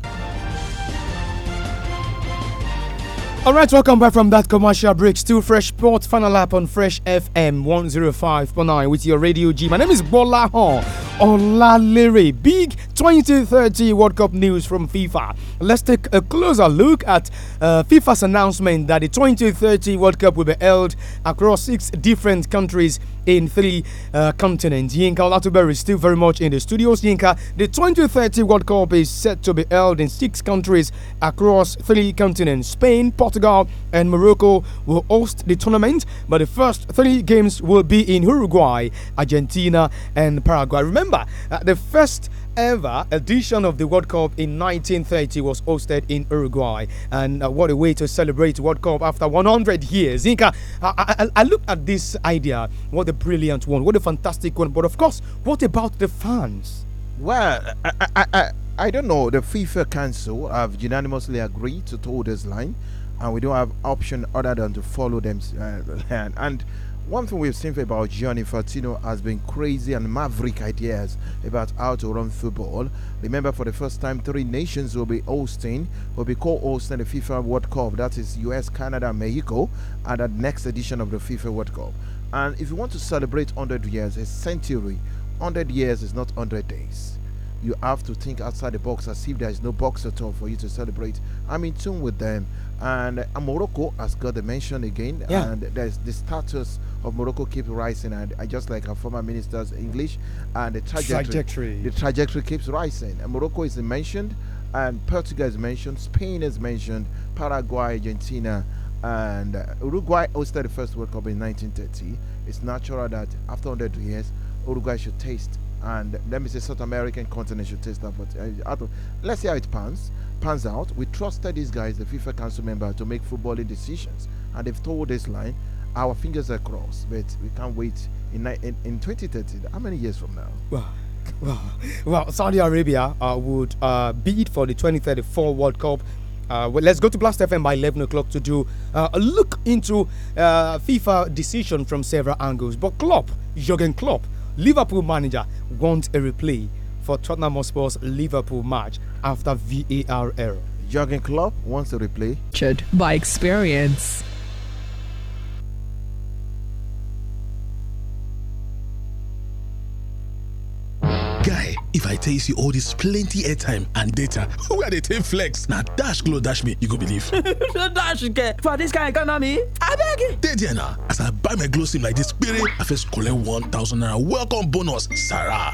All right, welcome back from that commercial break. Still fresh sports final lap on Fresh FM 105.9 with your radio G. My name is Bola Hon. Olalere. Big 2030 World Cup news from FIFA. Let's take a closer look at uh, FIFA's announcement that the 2030 World Cup will be held across six different countries in three uh, continents. Yinka Olatuber is still very much in the studios. Yinka, the 2030 World Cup is set to be held in six countries across three continents. Spain, Portugal, and Morocco will host the tournament, but the first three games will be in Uruguay, Argentina, and Paraguay. Remember remember, uh, the first ever edition of the World Cup in 1930 was hosted in Uruguay. And uh, what a way to celebrate World Cup after 100 years. Inca, I, I, I at this idea. What a brilliant one. What a fantastic one. But of course, what about the fans? Well, I, I, I, I don't know. The FIFA Council have unanimously agreed to toe this line. And we don't have option other than to follow them. Uh, <laughs> and, and one thing we've seen about Gianni Infantino has been crazy and maverick ideas about how to run football. Remember, for the first time, three nations will be hosting, will be co-hosting the FIFA World Cup. That is US, Canada, Mexico, at the next edition of the FIFA World Cup. And if you want to celebrate 100 years, a century, 100 years is not 100 days you have to think outside the box as if there is no box at all for you to celebrate. I'm in tune with them. And uh, Morocco has got the mention again. Yeah. And there's the status of Morocco keeps rising. And I just like our former minister's English, and the trajectory, trajectory. The trajectory keeps rising. And Morocco is mentioned, and Portugal is mentioned, Spain is mentioned, Paraguay, Argentina. And uh, Uruguay hosted the first World Cup in 1930. It's natural that after 100 years, Uruguay should taste and let me say South American continent should test that. But uh, let's see how it pans pans out. We trusted these guys, the FIFA Council member, to make footballing decisions, and they've told this line. Our fingers are crossed, but we can't wait. In in, in 2030, how many years from now? Well, <laughs> well, well Saudi Arabia uh, would uh, bid for the 2034 World Cup. Uh, well, let's go to Blast FM by 11 o'clock to do uh, a look into uh, FIFA decision from several angles. But Klopp, Jurgen Klopp, Liverpool manager wants a replay for Tottenham Hotspur's Liverpool match after VAR error. Jurgen Klopp wants a replay. Judged by experience. guy if i tell you see all this, plenty airtime and data <laughs> Who are they take flex Now, dash glow dash me you go believe <laughs> no dash get for dis kain economy abeg dey there na as i buy my glow sim like this, kpere i first collect 1000 naira welcome bonus sarah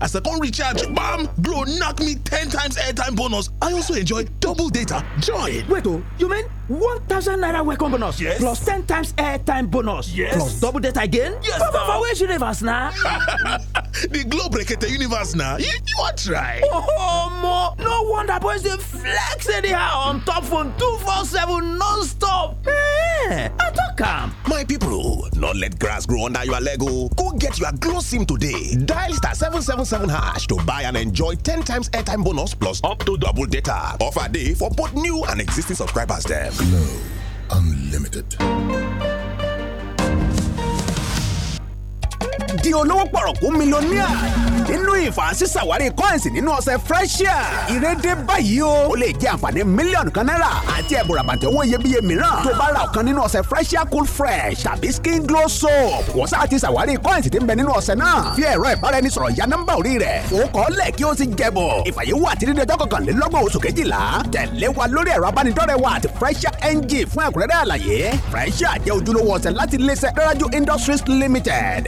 as i come recharge bam glow knock me 10 times airtime bonus i also enjoy double data join wait oh, you mean 1000 naira welcome bonus yes plus 10 times airtime bonus yes plus double data again yes papa where's universe na <laughs> the globe rekete universe na you wan try oh no thunder boys dey flex anyhow on top phone seven non-stop ehn i tok am my pipo oh, no let grass grow under your lego, oh. go get your glow sim today dial star 777 hash to buy and enjoy 10 times airtime bonus plus up to double data offer day for both new and existing subscribers dem glow unlimited di olówó pọ̀rọ̀kú mílíọ̀nìà nínú ìfàṣìṣàwárí coins nínú ọ̀sẹ̀ freshia ìrèdè báyìí o ó lè jẹ́ àǹfààní mílíọ̀nù kan náírà àti ẹ̀bùn ràbàtì owó iyebíye mìíràn tó bá ra ọ̀kan nínú ọ̀sẹ̀ freshia cool fresh tàbí skin glow soap wọ́n sá ti ṣàwárí coins tí ń bẹ nínú ọ̀sẹ̀ náà fi ẹ̀rọ ìbáraẹnisọ̀rọ̀ ya nọ́mbà orí rẹ̀ fòókọ́lẹ̀ kí ó sì jẹ̀bọ̀ ìfàyẹ̀wò àti dídé ọjọ́ kọkànlélọ́gbọ̀n oṣù wa lórí ẹ̀rọ abánidọ́rẹ̀ wa àti freshia ng fún ẹ̀kúnrẹ́rẹ́ àlàyé freshia jẹ́ ojúlówó Industries Limited.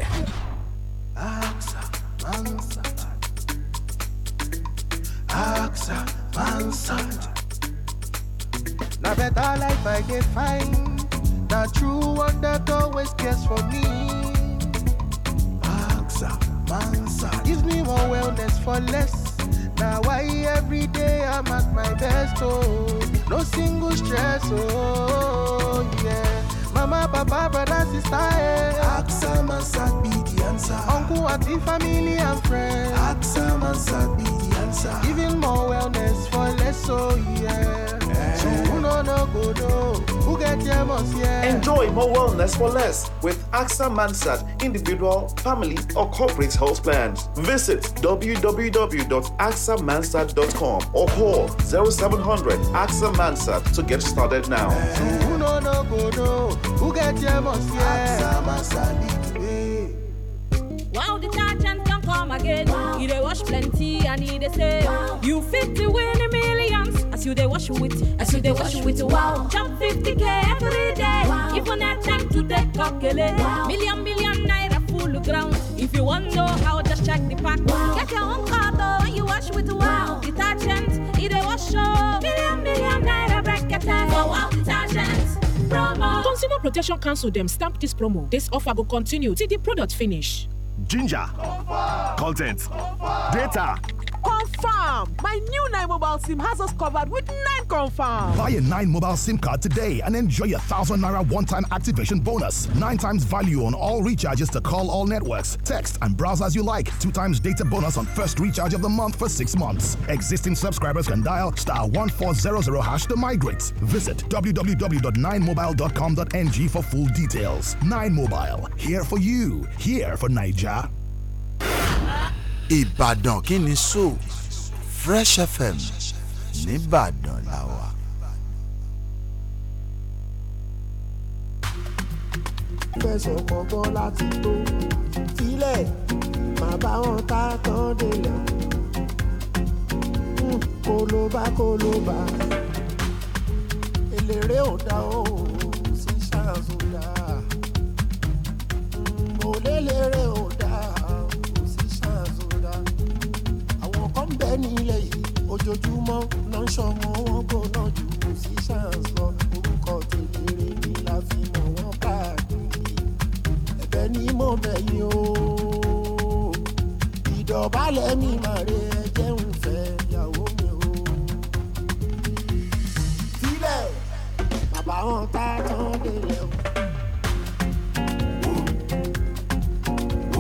boxer, Bansard. Now better life I get find the true one that always cares for me. Boxer, Bansard. Gives me more wellness for less. Now why every day I'm at my best, oh, no single stress, oh yeah. Mama, papa, brother, sister. Eh. Aksa Mansat be the answer. Uncle, auntie, family, and friends. Ask Aksa sad be the answer. Giving more wellness for less, oh yeah. Enjoy more wellness for less with AXA Mansat individual, family, or corporate health plans. Visit www.axamansat.com or call 0700 AXA Mansat to get started now. Wow, detergent can come again. Wow. You dey wash plenty and dey Wow. You fit to win a million. As you they wash with, as you they wash with, wow. Jump 50k every day. Wow. If on that time to take calculate. Wow. Million, million naira full ground. If you want to know how, just check the pack. Wow. Get your own car though you wash with wow. wow. Detergent, it they wash show. Oh. Million, million naira bracket. Eh. For wow detergent. Promo. Consumer Protection Council them stamp this promo. This offer will continue till the product finish. Ginger. Content. Data Confirm! My new 9 mobile SIM has us covered with 9 Confirm. Buy a 9 mobile SIM card today and enjoy a 1000 Naira one time activation bonus. 9 times value on all recharges to call all networks, text, and browse as you like. 2 times data bonus on first recharge of the month for 6 months. Existing subscribers can dial star 1400 hash to migrate. Visit www9 for full details. 9 Mobile, here for you, here for Niger. Ìbàdàn kí ni so Fresh FM nìbàdàn la wà. fẹsẹ̀ kọ̀ọ̀kan láti tó sílẹ̀ má bá wọn ká tán dèèyàn hmm, kólóbá kólóbá eléré ò dá o sí ṣáàzù dá mo hmm, ò dá. ní ilẹ̀ yìí ojoojúmọ́ ló ń ṣọmọ wọn kò náà ju musicians lọ orúkọ tèmíire ni la fi mọ̀ wọ́n káàkiri ẹ̀bẹ̀ ni mo bẹ̀ yín o ìdọ̀bálẹ̀ mi máa re ẹjẹ́ ń fẹ́ ìyàwó mi o. sílẹ̀ bàbá wọn tá a tán délẹ̀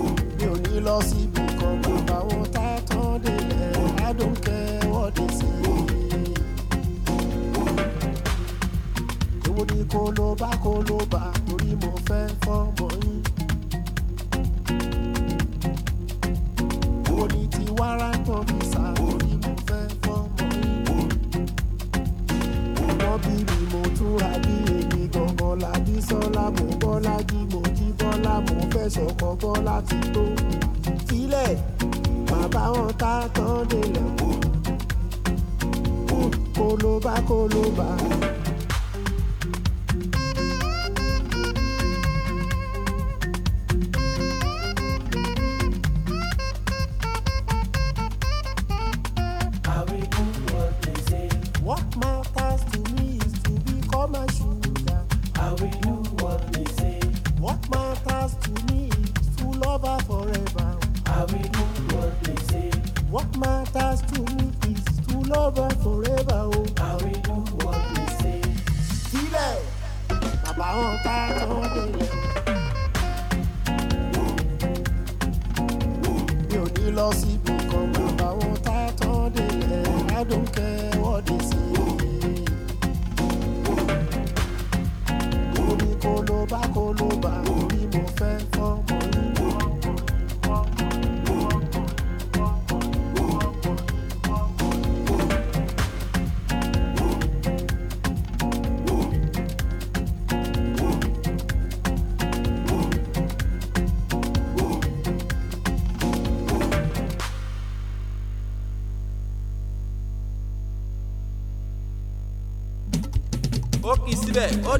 o mi ò ní lọ sí. I don't care what they say. Èwo ni kó ló bá kó ló bá torí mo fẹ́ fọ́mọ yín. Èwo ni ti wára tán mi sá torí mo fẹ́ fọ́mọ yín. Ọmọ bí mi mo túra bí èmi gangan lábí sọ́lá mo bọ́lá jí mo jí bọ́lá mo fẹ́ sọ̀kọ̀ bọ́lá ti tó. Sílẹ̀. bá wọn ta tán délẹ̀ kólóbá kólóbá.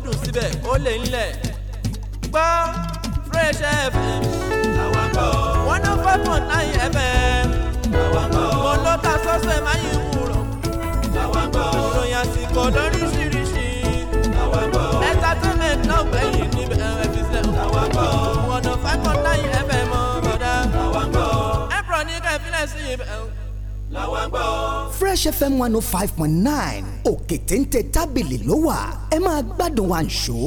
dùn síbẹ̀ ó lè ńlẹ̀. gbọ́ fresh fm. àwa one oh five point nine fm. àwa mo ló ta sọ́sẹ̀ máa yin wúrọ̀. àwa kọ́. ìròyìn àsìkò lóríṣiríṣi. àwa entertainment náà gbẹ̀yìn níbẹ̀ fi sẹ́. àwa one oh five point nine fm ọ̀dà. àwa kọ́. ẹ̀pọ̀ ní ká ìfilẹ̀ sí ibẹ̀ fresh fm one oh five point nine òkè téńté tábìlì ló wà máa gbádùn àǹṣó.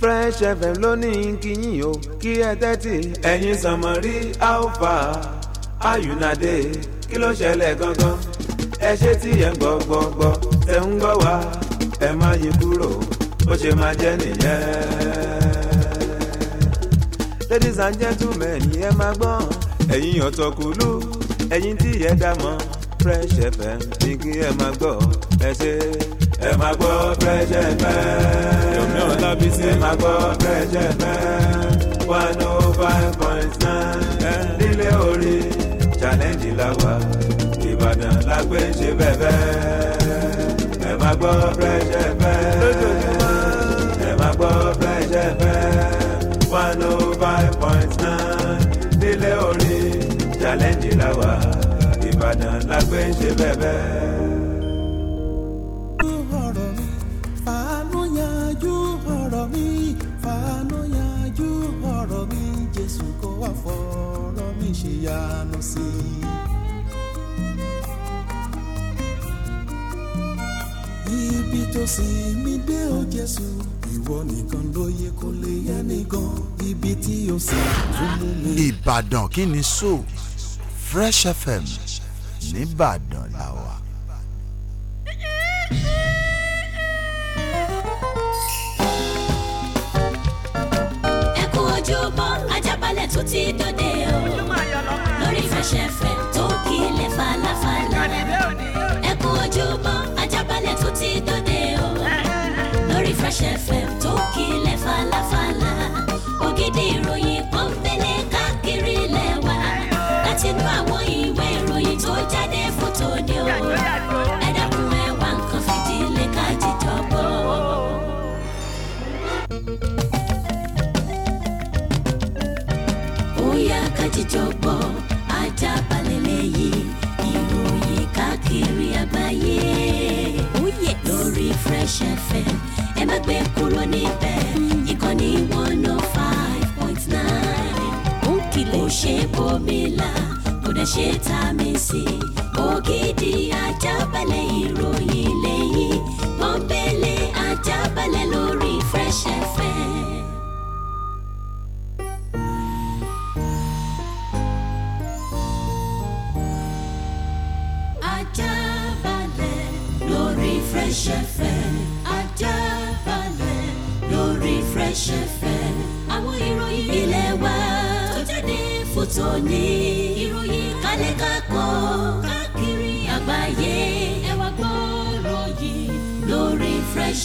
Fresh FM lónìí kìyìn o kí ẹ tẹ́tì. ẹ̀yin sànmọ́rí alpha ayùnádé kí ló ṣẹlẹ̀ gangan ẹ ṣe tí ẹ ń gbọ́ gbọ́ gbọ́ ẹ ń gbọ́ wá ẹ má yí kúrò ó ṣe máa jẹ́ nìyẹn. ladies and gentlemen ẹ máa gbọ́n ẹ̀yin ọ̀tọ̀kùlú ẹ̀yin tí ẹ dá mọ́ Fresh FM ní kí ẹ máa gbọ́ ẹ ṣe ẹ máa gbọ́ fresh fm. yomi ọlábísí ẹ máa gbọ́ fresh fm. one oh five point nine nílé orí challenge la wà ìbàdàn la gbé ṣe bẹ́ẹ̀ ẹ máa gbọ́ fresh fm. lójoojúmọ́ ẹ máa gbọ́ fresh fm. one oh five point nine nílé orí challenge la wà ìbàdàn la gbé ṣe bẹ́ẹ̀. kó wá fọ̀rọ̀ mi ṣèyanu sí i. ibi tó sì mí dé o Jésù ìwọ nìkan ló yẹ kó lè yá nìkan ibi tí o sì tún mú mi. Ìbàdàn kí ni so Fresh FM nìbàdàn làwà. ti dòde o lórí fẹsẹ̀fẹ̀ tó kílẹ̀ falafala ẹ kú ojúmọ́ Ajaabale tó ti dòde o lórí fẹsẹ̀fẹ̀ tó kílẹ̀. ṣe tá a mi sí ògidì ajá.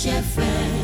Yeah. FM.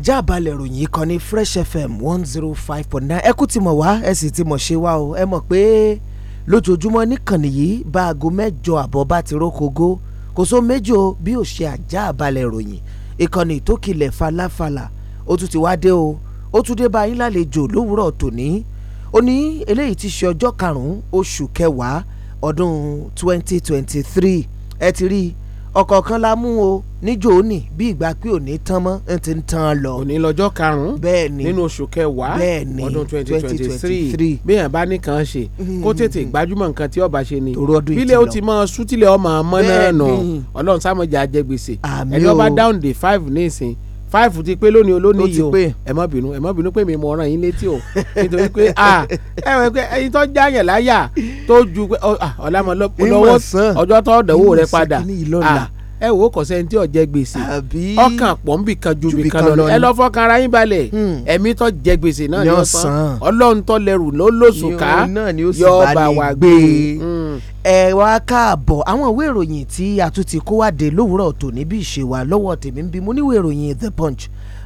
ajá balẹ̀ ròyìn kan ní fresh fm one zero oh five point nine ẹ kú ti mọ̀ wá ẹ sì ti mọ̀ ṣe wá o ẹ mọ̀ pé lójoojúmọ́ níkànnì yìí bá aago mẹ́jọ àbọ̀ bá ti rókogó kò só méjì o bí ò ṣe ajá balẹ̀ ròyìn ìkànnì tó kilẹ̀ falafala ó tún ti wá dé o ó tún dé bá yín lálejò lówùúrọ̀ tòní ó ní eléyìí ti ṣe ọjọ́ karùn-ún oṣù kẹwàá ọdún twenty twenty three ẹ ti rí i ọ̀kọ̀ọ̀kan la mú o níjó òní bí ìgbà pé òní tán mọ́ ń ti ń tan lọ. òní lọ́jọ́ karùn-ún bẹ́ẹ̀ni nínú oṣù kẹwàá bẹ́ẹ̀ni ọdún twenty twenty three bíyàn bá nìkan ṣe kó hmm. tètè gbajúmọ̀ nǹkan tí ọba ṣe ni bílẹ̀ ó ti mọ sútìlẹ̀ ọmọ ọmọ náà nà ọlọ́run sámọ̀jà jẹ gbèsè ẹni ọba down the five nísìn five ti pé lónìí olónìí yìí o ẹ má bínú ẹ má bínú pé mi mọ ọ̀ràn yín létí o nítorí pé ah ẹ wẹ pé ẹyin tó jáyàn láyà tó ju pé ọ̀làmọ̀ lọ́wọ́ tó dẹ̀wò rẹ padà ẹ wò ó kọ̀sẹ́ tí ò jẹ gbèsè ọkàn pọ̀ kan ju bì kan lọ ẹ lọ́ fọkàn ara yín balẹ̀ hmm. ẹ̀mí tó jẹ gbèsè náà ni san ọlọ́run tó lẹ́rù ló lòsùn ká wa gbé hmm. ẹ wá káàbọ̀ àwọn ìwé ìròyìn tí a tún ti kó wá dé lówùúrọ̀ tòní bí ìṣe lọ́wọ́ tèmi ń bí mo níwèé ìròyìn The Punch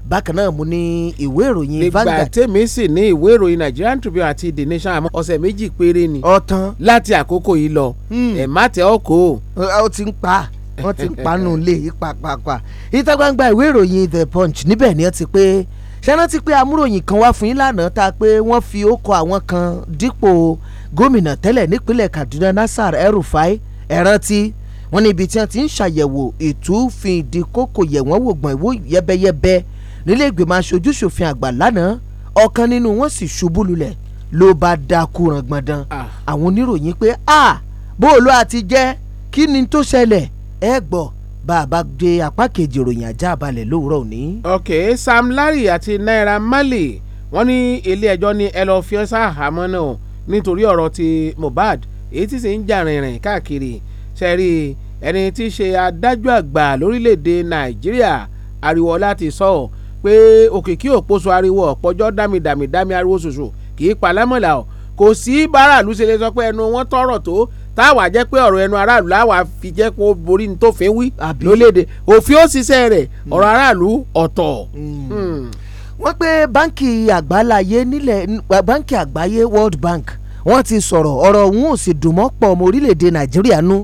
bákan náà mo ní ìwé ìròyìn Vanguard. nígbà tèmi sì ní ìwé ìròyìn Nigerian Tribune àti The Nation àmọ́ ọ̀sẹ̀ méjì péré ni. ọ̀tán láti àkókò yìí lọ hmm. ẹ̀ má tẹ ọkọ̀. ó ti ń pa wọ́n ti ń panu lé ipapapa ìta gbangba ìwé ìròyìn The Punch níbẹ̀ ni ẹ ti pé ṣánáńtì pé amúròyìn kan wá fún yín lánàá ta pé wọ́n fi ókọ àwọn kan dípò gómìnà tẹ́lẹ̀ nípínlẹ̀ Kaduna Nasar El-Rufai ẹ̀rántí wọ́n ní ibi tí wọ́n ti ń ṣàyẹ̀wò ìtúfìdíkókò yẹ̀ wọ́n ìwò yẹ́bẹ́yẹ́bẹ́ nílé ìgbìmọ̀ aṣojú ṣòfin àgbà lánàá ọ̀kan nínú wọn sì ṣubú lulẹ̀ ló bá dákú rangbọ̀ndàn ah. àwọn oníròyìn pé a bóòlù àti jẹ́ kí ni tó ṣẹlẹ̀ ẹ gbọ́ bá a gbé apá kejì ìròyìn ajá balẹ̀ lówùrọ̀ òní. ok Sam Larry àti Naira Marley wọ́n ní ilé ẹjọ́ ní ẹ lọ́ọ́ fi ọ́ sáhàmọ́ náà nítorí ọ̀rọ̀ ti Mohbad èyí tí sì ń jà rìnrìn káàkiri ṣẹ́rí ẹni tí í ṣe adájọ́ àgbà lórílẹ̀ Nàìjíríà ariwo láti sọ ọ́ pé òkè kí òposo ariwo ọ̀pọ̀jọ́ dámidàmí dámi ariwo ṣoṣo kì í palámọ̀là ọ̀ kò sí báraàlú ṣe lè sọ pé ẹnu wọn tọrọ tó táwa jẹ́ pé ọ̀rọ̀ ẹnu aráàlú láwa fi jẹ́ kó borí ní tófin wí lólédè òfin ó ṣiṣẹ́ rẹ̀ hmm. ọ̀rọ̀ aráàlú ọ̀tọ̀ hmm. Hmm. wọ́n pé báǹkì àgbáláyé nílẹ̀ báǹkì àgbáyé World Bank wọ́n ti sọ̀rọ̀ ọ̀rọ̀ ọ̀hún ò sì dùn mọ́ pọ̀ ọmọ orílẹ̀-èdè Nàìjíríà nú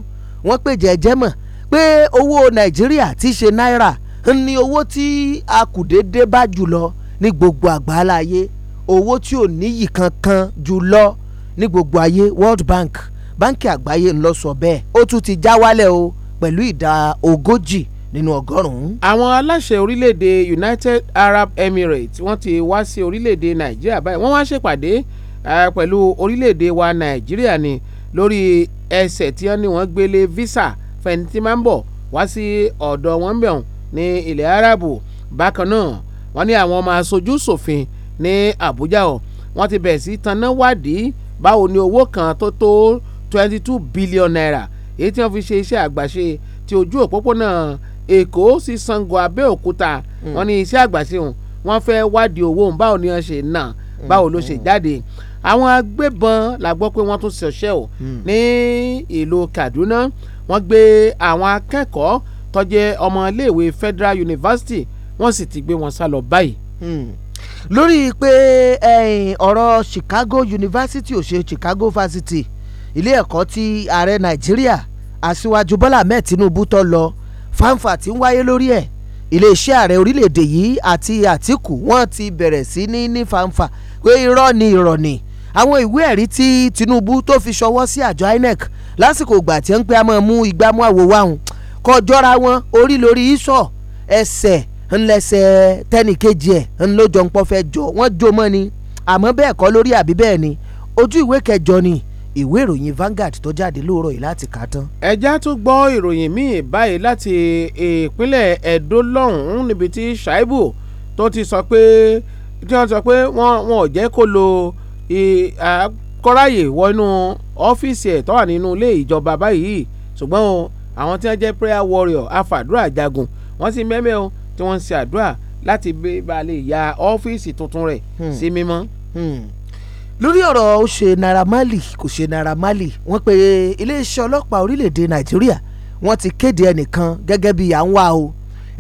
wọ́n pé jẹ́jẹ́ mọ̀ pé owó Nàìjíríà ti ṣe náírà ń ní owó tí akùdédé bá jùlọ ní gbogbo àgbáńlá ayé owó tí ò níyì kankan jùlọ ní gbogbo ayé World Bank báńkì àgbáyé ń lọ sọ bẹ́ẹ̀ ó tún ti já wálẹ̀ o pẹ̀lú ìdá ogójì nínú ọgọ́rùn-ún. àwọn aláṣẹ orílẹ̀-èdè United Arab Emirates wọ́n ti wá sí orílẹ̀-èdè Nàìjíríà báyìí wọ́n wá ṣèpàdé pẹ̀lú orílẹ̀-èdè wa Nàìjíríà ni lórí ẹsẹ̀ tí wọ́n ní wọ́n gbélé visa fẹ̀yìntì máa ń bọ̀ wá sí ọ̀dọ̀ wọn bẹ̀rùn ní ilẹ̀ Árábù bákan náà wọ́n ní àwọn ọmọ aṣojú ṣòfin ní Àbújá o wọ́n ti bẹ̀rẹ̀ sí tanná wádìí báwo ni owó kan tó tó twenty two billion naira èyí tí wọ́n fi ṣe iṣẹ́ àgbàṣe ti ojú òpópónà Èkó sí Ṣàngó Abẹ́òkúta hmm. wọ́n ní iṣẹ́ àgbàṣe òun wọ́n fẹ́ wádìí owó òun báwo ni wọ́n ṣe ná báwo ló ṣe hmm. jáde àwọn agbébọn la gbọ́ pé wọ́n tún ṣọṣẹ́ o hmm. ní ìlú Kaduna wọ́n gbé àwọn akẹ́kọ̀ọ́ tó jẹ́ ọmọ iléèwé Federal University wọ́n sì ti gbé wọn sá lọ báyìí. Hmm. lórí pé ọ̀rọ̀ Chicago University ò ṣe Chicago Varsity ilé ẹ̀kọ́ ti ààrẹ Nàìjíríà aṣíwájú Bọ́lá Ahmed Tinubu tó lọ fáńfà tí ń wáyé lórí ẹ̀ iléeṣẹ́ ààrẹ orílẹ̀-èdè yìí àti Àtìkù wọ́n ti bẹ̀rẹ̀ sí ní ní fáńfà pé irọ́ ni irọ́ ni àwọn ìwé ẹ̀rí tí Tinubu tó fi ṣọwọ́ sí àjọ INEC lásìkò ìgbà tí ń pẹ́ a máa mú igbá mú àwo wáhùn kọjọ́ra wọn orí lórí ìsọ̀ ẹsẹ̀ ńlẹsẹ̀ tẹnìkejì ẹ̀ ńlọ́jọ́ ńpọ́ fẹ́ jọ wọ́n jó mọ́ ni àmọ́ bẹ́ẹ̀ kọ́ lórí àbí bẹ́ẹ̀ ni ojú ìwé kẹjọ ni ìwé ìròyìn Vanguard tó jáde lóòrọ̀ yìí láti kà tán. ẹja tó gbọ́ ìròyìn míì báyìí láti ìpínlẹ̀ Ẹdó lọ́hùn-ún níbi tí Ṣáíbù tó ti sọ pé tí wọ́n sọ pé wọ́n ò jẹ́ kó lo kọ́ráyè wọnú ọ́fíìsì ẹ̀ tó wà nínú ilé ìjọba báyìí ṣùgbọ́n àwọn tí wọ́n jẹ́ prayer warrior afàdúrà jagun wọ́n sì mẹ́mẹ́ o tí wọ́n ń ṣe àdúrà láti bá lè ya ọ́fíìsì tuntun rẹ̀ hmm. sí mímọ́. Hmm. lórí ọ̀rọ̀ ó ṣe naira marley kò ṣe naira marley wọ́n pe iléeṣẹ́ ọlọ́pàá orílẹ̀‐èdè nàìjíríà wọ́n ti kéde ẹnìkan gẹ́gẹ́ bí à ń wá o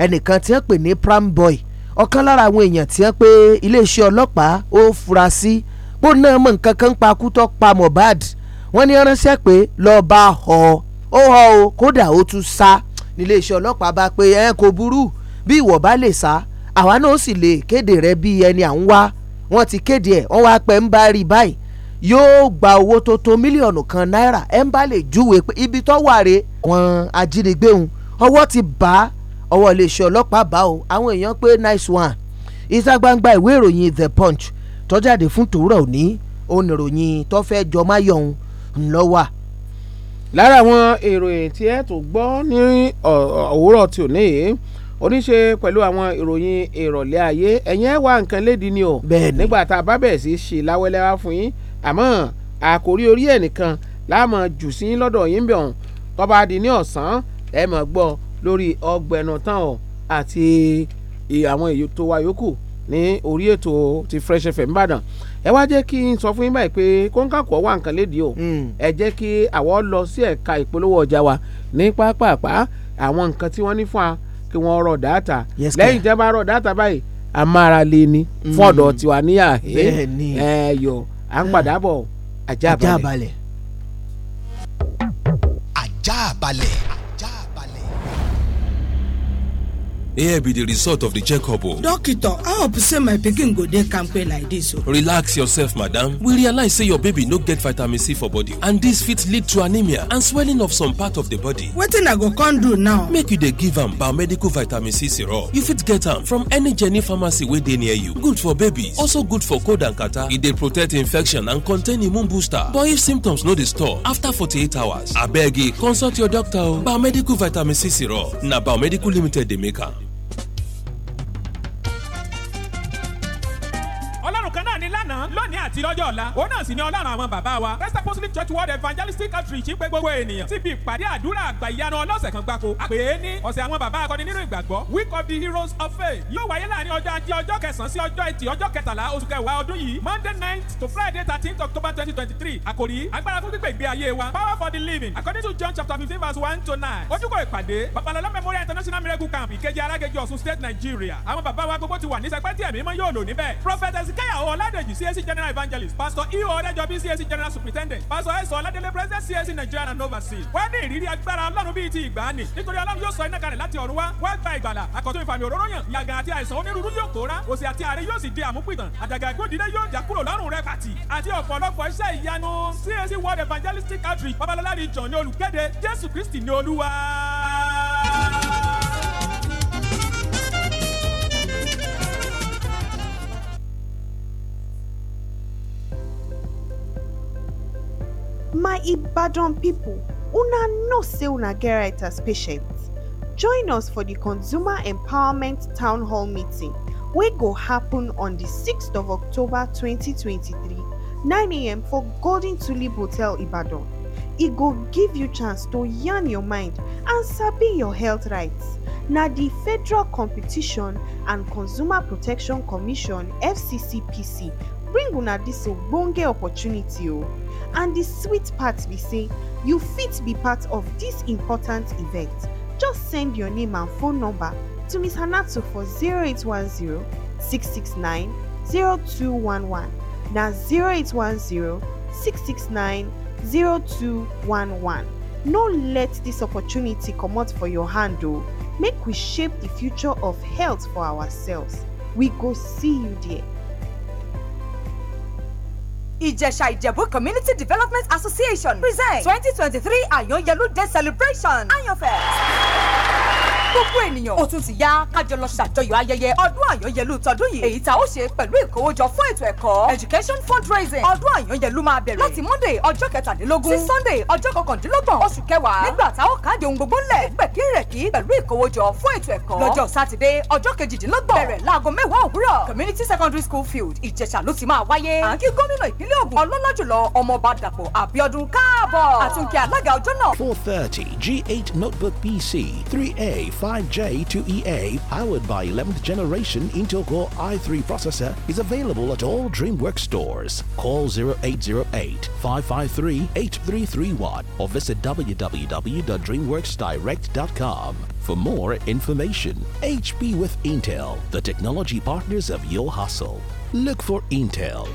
ẹnìkan tí wọ́n pè ní PramBoy ọ̀kan lára àwọn èèyàn tí wọ́n pe iléeṣẹ́ ọlọ́pàá ó fura sí pé ó náà mọ̀ nǹkan kan pa akútọ́ pa Mohbad wọ́n ní ránṣẹ́ pé lọ́ọ́ bá họ ó họ o kódà ó tún sá nílé iṣẹ́ ọlọ́pàá bá pé ẹ kò burú bí ìwọ bá lè sá àwa náà sì lè kéde rẹ bí ẹni à ń wá wọ́n ti kéde ẹ̀ wọ́n wá pẹ́ ń bá rí báyìí yóò gba owó tó tó mílíọ̀nù kan náírà ẹ̀ ń bá lè júwe pé ibi tó wà rè wọ́n ajínigbé òun ọwọ́ ti bá ọwọ́ iléeṣẹ́ ọlọ́pàá bá o àwọn èèyàn pé nice one ìta gbangba ìwé ìròyìn the punch tó jáde fún tòwúrọ̀ òní oníròyìn tó fẹ́ jọmáyọ̀ òun ńlọ́wà lára àwọn ìròyìn tí ẹ tó gbọ́ ní òwúrọ̀ tí ò ní yìí oníṣe pẹ̀lú àwọn ìròyìn ìrọ̀lẹ́ ayé ẹ̀yìn ẹ̀ nǹkan lédi ni o nígbà tá a bá bẹ̀rẹ̀ sí ṣe láwẹ́lẹ́wá fún yín àmọ́ àkórí orí ẹ̀ nìkan láàmú jù sí lọ́dọ̀ yín bẹ̀ ọ̀hún tó bá di ní ọ̀sán ẹ̀ mọ̀ gbọ́ lórí ọgbẹ̀nù ọ̀ àti àwọn ètò wa yòókù ní orí ètò ti Fresh FM Ìbàdàn ẹ wá jẹ́ kí n sọ fún yín báyìí pé kóńkàkọ́ wà nǹkan lédìí o hmm. ẹ jẹ́ kí àwọn lọ sí ẹ̀ka ìpolówó ọjà wa ní pápápá àwọn nǹkan tí wọ́n ní fún wa kí wọ́n rọ̀ dáàtà lẹ́yìn tẹ́ bá rọ̀ dáàtà báyìí a mára lé hmm. ní fún ọ̀dọ̀ tiwa níyà ẹ yọ à ń padà bọ̀ ajá balẹ̀. ajá balẹ̀. ajá balẹ̀ here be the result of the checkup o. doctor i hope say my pikin go dey kampe like dis o. Oh. relax yourself madam we realize say your baby no get vitamin c for body and dis fit lead to anemia and swelling of some part of the body. wetin i go come do now. make you dey give am biomedical vitamin c syrup you fit get am from any jenny pharmacy wey dey near you good for babies also good for cold and catarrh e dey protect infection and contain immune booster but if symptoms no dey stop after forty-eight hours abeg eh, consult your doctor o oh. biomedical vitamin c syrup na biomedical limited dey make am. Lord, àti lọ́jọ́ ọ̀la òun náà sì ni ọlọ́run àwọn bàbá wa Christ Apostolic Church World Evangelistic Outreach ń pe gbogbo ènìyàn síbi ìpàdé àdúrà àgbà ìyanu ọlọ́sẹ̀ kan gbáko àpè é ní ọ̀sẹ̀ àwọn bàbá akọni nínú ìgbàgbọ́ week of the heroes of faith yóò wáyé láàrin ọjọ́ ajé ọjọ́ kẹsàn-án sí ọjọ́ ẹtì ọjọ́ kẹtàlá oṣù kẹwàá ọdún yìí Monday night to Friday thirteenth October twenty twenty three àkòrí agbára fún gbígbé ìgbé ayé wa power for the living according to John chapter 15 verse 1 to nine ojúkọ ìpàdé Babalọlá Memorial International Miracle Camp Ìkejì Arágéjì Ọ̀ṣun State Nigeria àwọn bàbá wa gbogbo ti wà ní sẹpẹ́ tí ẹ̀mí mọ́ yóò lò níbẹ̀ Prophet Ezekiel Ọládèjì CAC general Nigeria Evangelist, Pastor E.O. Ọ̀dẹ́jọbí CAC General Superintendent, Pastor S. Ọládélé President CAC Nigeria and overseas. Wọ́n ní ìrírí agbára Ọlọ́run bíi ti ìgbàanì nítorí Ọlọ́run yóò sọ iná kalẹ̀ láti ọ̀run wá. Wọ́n gba ìgbàlà, àkọ́tún ìfàmì òróró yàn, ìyàgàn àti àìsàn onírúurú yóò kóra, òsì àti àárẹ̀ yóò sì di àmúpìtàn, àjàgà ìgbòdìlẹ̀ yóò jà kúrò lọ́rùn rẹ pàtì, àti ọ̀pọ̀lọpọ̀ iṣẹ́ ìyanu CAC World Evangelistic Outreach Babalọ́lá Region ní olùkéde Jésù Kristi ní Olúwa. my Ibadan people, una no say una get right as patients. Join us for the Consumer Empowerment Town Hall meeting We go happen on the 6th of October 2023, 9 a.m. for Golden Tulip Hotel Ibadan. It go give you chance to yarn your mind and sabi your health rights. Now the Federal Competition and Consumer Protection Commission FCCPC bring una dis ogbonge opportunity o and the sweet part be say you fit be part of this important event just send your name and phone number to Ms. Hanatu for 0810 669 0211 na 0810 669 0211 no let this opportunity comot for your hand o make we shape the future of health for ourselves we go see you there ìjẹ̀ṣà ìjẹ̀bú community development association present twenty twenty three àyànyẹlú day celebration ayànfẹ́. gbogbo ènìyàn ó tún ti yá kájọ lọ ṣàjọyọ̀ ayẹyẹ ọdún tọdún yìí èyí tá ó ṣe pẹ̀lú ìkówójọ fún ètò ẹ̀kọ́ education fundraising ọdún máa bẹ̀rẹ̀ láti monday ọjọ́ kẹtàdínlógún sí sunday ọjọ́ kọkàndínlọ́gbọ̀n oṣù kẹwàá nígbà tá ó ohun gbogbo ńlẹ̀ pẹ̀lú ìkówójọ fún ètò ẹ̀kọ́ lọ́jọ́ sátidé ọjọ́ kejìdínlọ́gbọ̀n bẹ̀rẹ̀ four thirty g eight notebook PC three a 5J to EA, powered by 11th generation Intel Core i3 processor, is available at all DreamWorks stores. Call 0808 553 8331 or visit www.dreamworksdirect.com for more information. HP with Intel, the technology partners of your hustle. Look for Intel.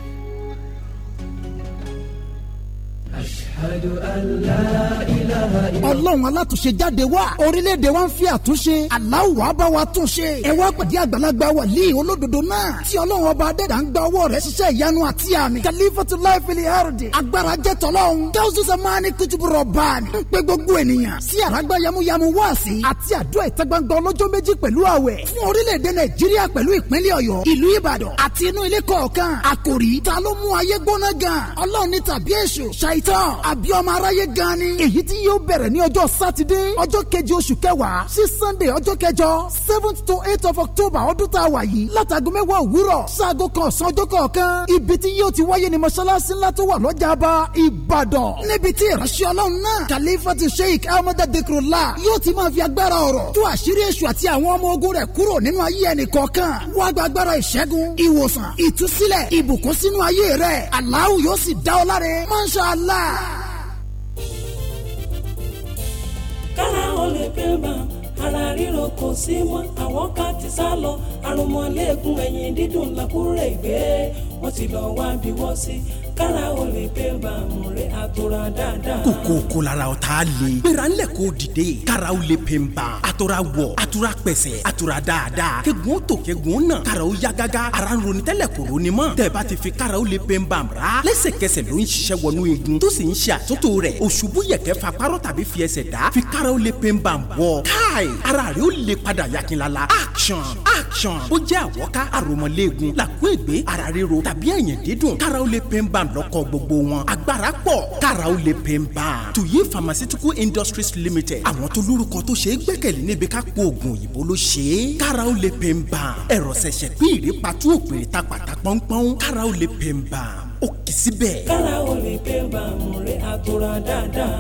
ọlọ́run alátúnṣe jáde wá orílẹ̀-èdè wa ń fi àtúnṣe aláwọ̀ wá bá wa túnṣe ẹ wá pàdé àgbàlagbà wàlí olódodo náà tí ọlọ́run ọba adẹ́dà ń gba owó rẹ̀ ṣiṣẹ́ ìyanu àti àmì kàlífàtú láìpẹ́lì ẹ̀rọ̀dì agbára jẹ́ tọ́lọ́run tẹ́wọ́sì sẹ́mánì kùtùbùrọ̀ báàlì ń pe gbogbo ènìyàn sí àràgbá yamuyamu wáàsí àti àdúrà ìta gbangba ọlọ́jọ́ méjì pẹ̀lú àwẹ̀ fún orílẹ̀-èdè nàìjíríà pẹ̀lú ìpínlẹ̀ ọ̀yọ́ ìlú ìbàdàn àti inú ilé kọ̀ọ̀kan àkòrí ta ló mú ayé gbóná gan ọlọ́run ní tàbí èṣù ṣàì tán àbí ọmọ aráyé gan ni. èyí tí yóò bẹ̀rẹ̀ ní ọjọ́ sátidé ọjọ́ keje oṣù kẹwàá sí sunday ọjọ́ kẹjọ seventh to eighth of october ọdún tá a wà yìí látàgọ́ mẹ́wàá òwúrọ̀ sáago kan ọ̀sán ọjọ́ kọ̀ọ̀kan ibi tí yóò ti wáyé ni mọ́ṣáláṣí ńlá tó wà lọ́jà bá ìbàdàn níbi tí ìránṣẹ́ ọlọ́run náà kàlífàtì sheik ahmed dekrola yóò ti máa fi agbára ọ̀rọ̀ tú àṣírí èṣù àti àwọn ọmọ ogun rẹ̀ kúrò nínú ayé ẹnì kọ̀ọ̀kan wá gba agbára ìṣẹ́gun ìwòsàn ìtúsílẹ̀ ìbùkún sínú ayé rẹ̀ aláwù yóò sì dá ọ láre máṣá alá kara họlaebe ba ara riroko si nawakatisalo arụmlkuwenye didulapurebe osidwbiwosi kára o lè pé bàmù rẹ̀ àtòrà dáadáa. kòkó kò lára ọ̀tá le gbéra ńlẹ̀ kó dìde kára o lè pè ń bá àtòrà wọ̀ àtòrà pẹ̀sẹ̀ àtòrà dáadáa kegun tó kegun náà kára o yá gágá ara ń ronú tẹ́lẹ̀ kò ronú mọ́ tẹ̀bá ti fi kára o lè pè ń bá ra lẹ́sẹ̀kẹsẹ̀ ló ń ṣiṣẹ́ wọnú igun tó sì ń ṣe àtúntò rẹ̀ òṣùbù yẹ̀kẹ́ fa párọ̀ tàbí fi ẹsẹ̀ fi kára o lè pè ń bá wọ̀ ara rẹ̀ ó lè padà yakinlala action action bó jẹ́ àwọ́ká àròmọléegun làkúègbé ara ríro tàbí ẹ̀yìn dídùn kára ó lè pain ban lọ́kọ̀ gbogbo wọn agbára pọ̀ kára ó lè pain ban tuyi pharmaceutical industries limited àwọn tó lórúkọ tó ṣe é gbẹ́kẹ̀lé níbi ká po oògùn òyìnbó ló ṣe é kára ó lè pain ban ẹ̀rọ ṣẹ̀ṣẹ̀ pín ìrèpàtú òpèrè ta pàtà pọ́npọ́n kára ó lè pain ban ó kì í síbẹ̀. kára ó lè pain ban mo rí àtúrà dáadáa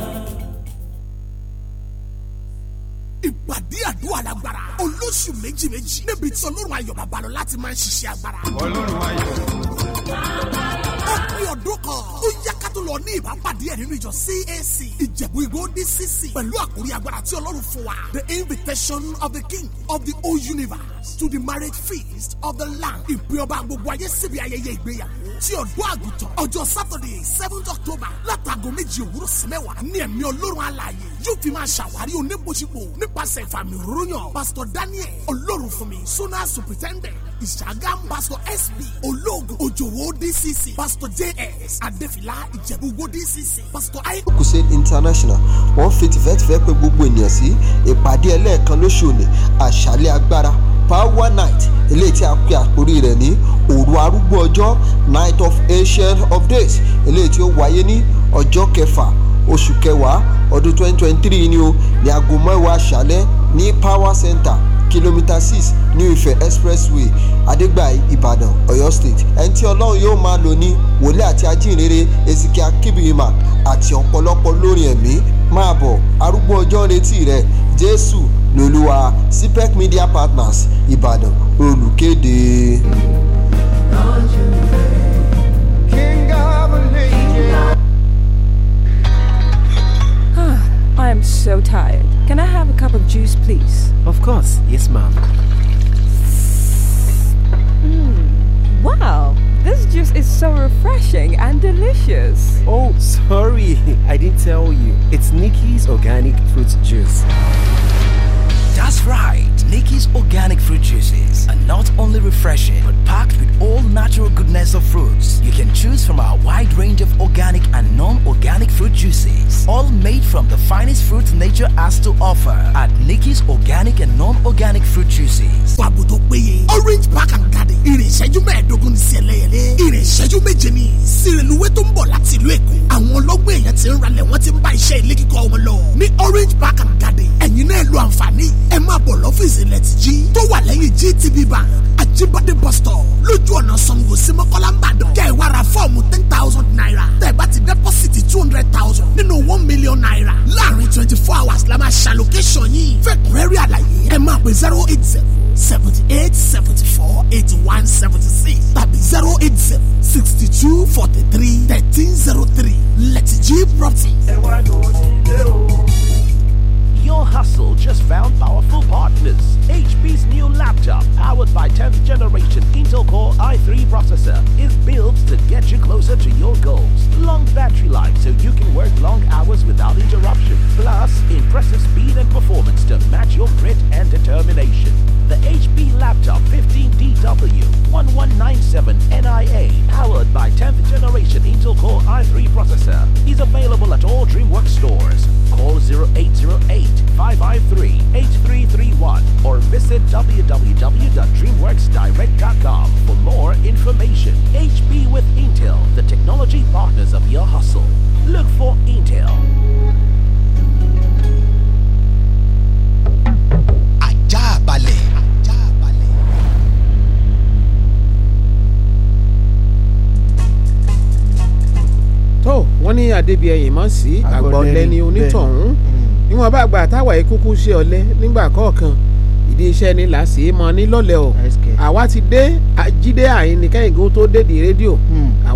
ìpàdé àdúrà lágbára olóṣù méjì méjì níbi tí ọlọ́run ayọ̀ babalọ́lá ti máa ń ṣiṣẹ́ agbára. ọlọ́run ayọ̀ babalọ́lá lápẹ́ ọdún kan ó yá ká tó lọ ní ìbápàdé ẹ̀ nínú ìjọ CAC ìjẹ̀bú ìgbó DCC pẹ̀lú àkórí agbára tí ọlọ́run fún wa the invitation of the king of the whole universe to the marriage feast of the land ìpín ọba gbogbo ayé síbi ayẹyẹ ìgbéyàwó tí ọ̀dọ́ àgùntàn ọjọ́ Saturday seventh October látago méjì òwúrọ̀ sí mẹ́wàá ní ẹ̀mí ọlọ́run alààyè yóò fi máa ṣàwárí onípojípo nípasẹ̀ ìfàmì ròyàn Pastor Daniel Olórùnfúnmi Sona Superintendent Ìṣàgàm SB olóògùn òjòwò DCC Pastor Pastor J.S. Adéfìlà Ìjẹ̀bú Wó DCC. Pastor I. Crusade International wọ́n fi tìfẹ́tìfẹ́ pé gbogbo ènìyàn sí ìpàdé ẹlẹ́ẹ̀kan lóṣù ní àṣálẹ́ agbára power night eléyìí tí a pè àkórí rẹ̀ ní òru arúgbó ọjọ́ night of ancient of days eléyìí tí ó wáyé ní ọjọ́ kẹfà oṣù kẹwàá ọdún 2023 ni o ní aago mẹ́wàá àṣálẹ́ ní power center kìlómítà six new ife expressway adégbàyí ìbàdàn ọ̀yọ́ state ẹni tí ọlọ́run yóò máa lò ní wòlé àti ajínrere ezekiel kibirima àti ọ̀pọ̀lọpọ̀ lórin ẹ̀mí máa bọ̀ arúgbó ọjọ́ retí rẹ jésù lolúwa cpec media partners ìbàdàn olùkéde. Ah, I am so tired. Can I have a cup of juice, please? Of course. Yes, ma'am. Mm, wow, this juice is so refreshing and delicious. Oh, sorry. <laughs> I didn't tell you. It's Nikki's organic fruit juice. That's right. Nikki's organic fruit juices not only refreshing, but packed with all natural goodness of fruits. You can choose from our wide range of organic and non-organic fruit juices, all made from the finest fruits nature has to offer at Nikki's Organic and Non-Organic Fruit Juices. Orange Park and Garden. Ìrìn ìṣẹ́jú mẹ́ẹ̀ẹ́dógún ní sí ẹlẹ́yẹlé. Ìrìn ìṣẹ́jú méje ní ìsìnrìnlúwẹ́ tó ń bọ̀ láti ìlú Èkó. Àwọn ọlọ́gbọ́n èèyàn ti ń ralẹ̀ wọ́n ti ń bá iṣẹ́ ilé kíkọ́ wọn lọ. Ní Orange Park and Garden, ẹ̀yin náà lo àǹfààní. Ẹ máa bọ̀ lọ́fíìsì ilẹ̀ tó wà lẹ́yìn GTB bank ajibade bus stop lójú ọ̀nà sango sí mọ́kọ́lá ń bàdàn kẹ́ ẹ̀ wá ra fọ́ọ̀mù ten thousand naira tẹ̀ bá ti dẹ́pọ́sìtì two hundred thousand nínú one million naira láàrin twenty four hours la máa location yìí fẹ́kùrẹ́rì àlàyé ẹ máa pè zero eight zero seventy eight seventy four eighty one seventy six tàbí zero eight zero sixty two forty three thirteen zero three let's jeep property. ẹ wá lọ sí o. your hustle just found powerful partners. HP's new laptop, powered by 10th generation Intel Core i3 processor, is built to get you closer to your goals. Long battery life so you can work long hours without interruption. Plus, impressive speed and performance to match your grit and determination. The HP Laptop 15DW 1197NIA, powered by 10th generation Intel Core i3 processor, is available at all DreamWorks stores. Call 0808 553-8331 or visit www.dreamworksdirect.com for more information. HB with Intel, the technology partners of your hustle. Look for Intel. Ajabale. tó wọ́n ní adébíyẹ yìí mọ̀ sí àgbọ̀nlẹ́ni onítọ̀hún níwọ̀n bá gbà táwa ìkúkú ṣe ọ̀lẹ nígbà kọ̀ọ̀kan ìdí iṣẹ́ ni là á sì í mọ nílọ́lẹ̀ o àwa ti dé àjídé àyín ní kẹ́hìngún tó dédìí rédíò. Hmm.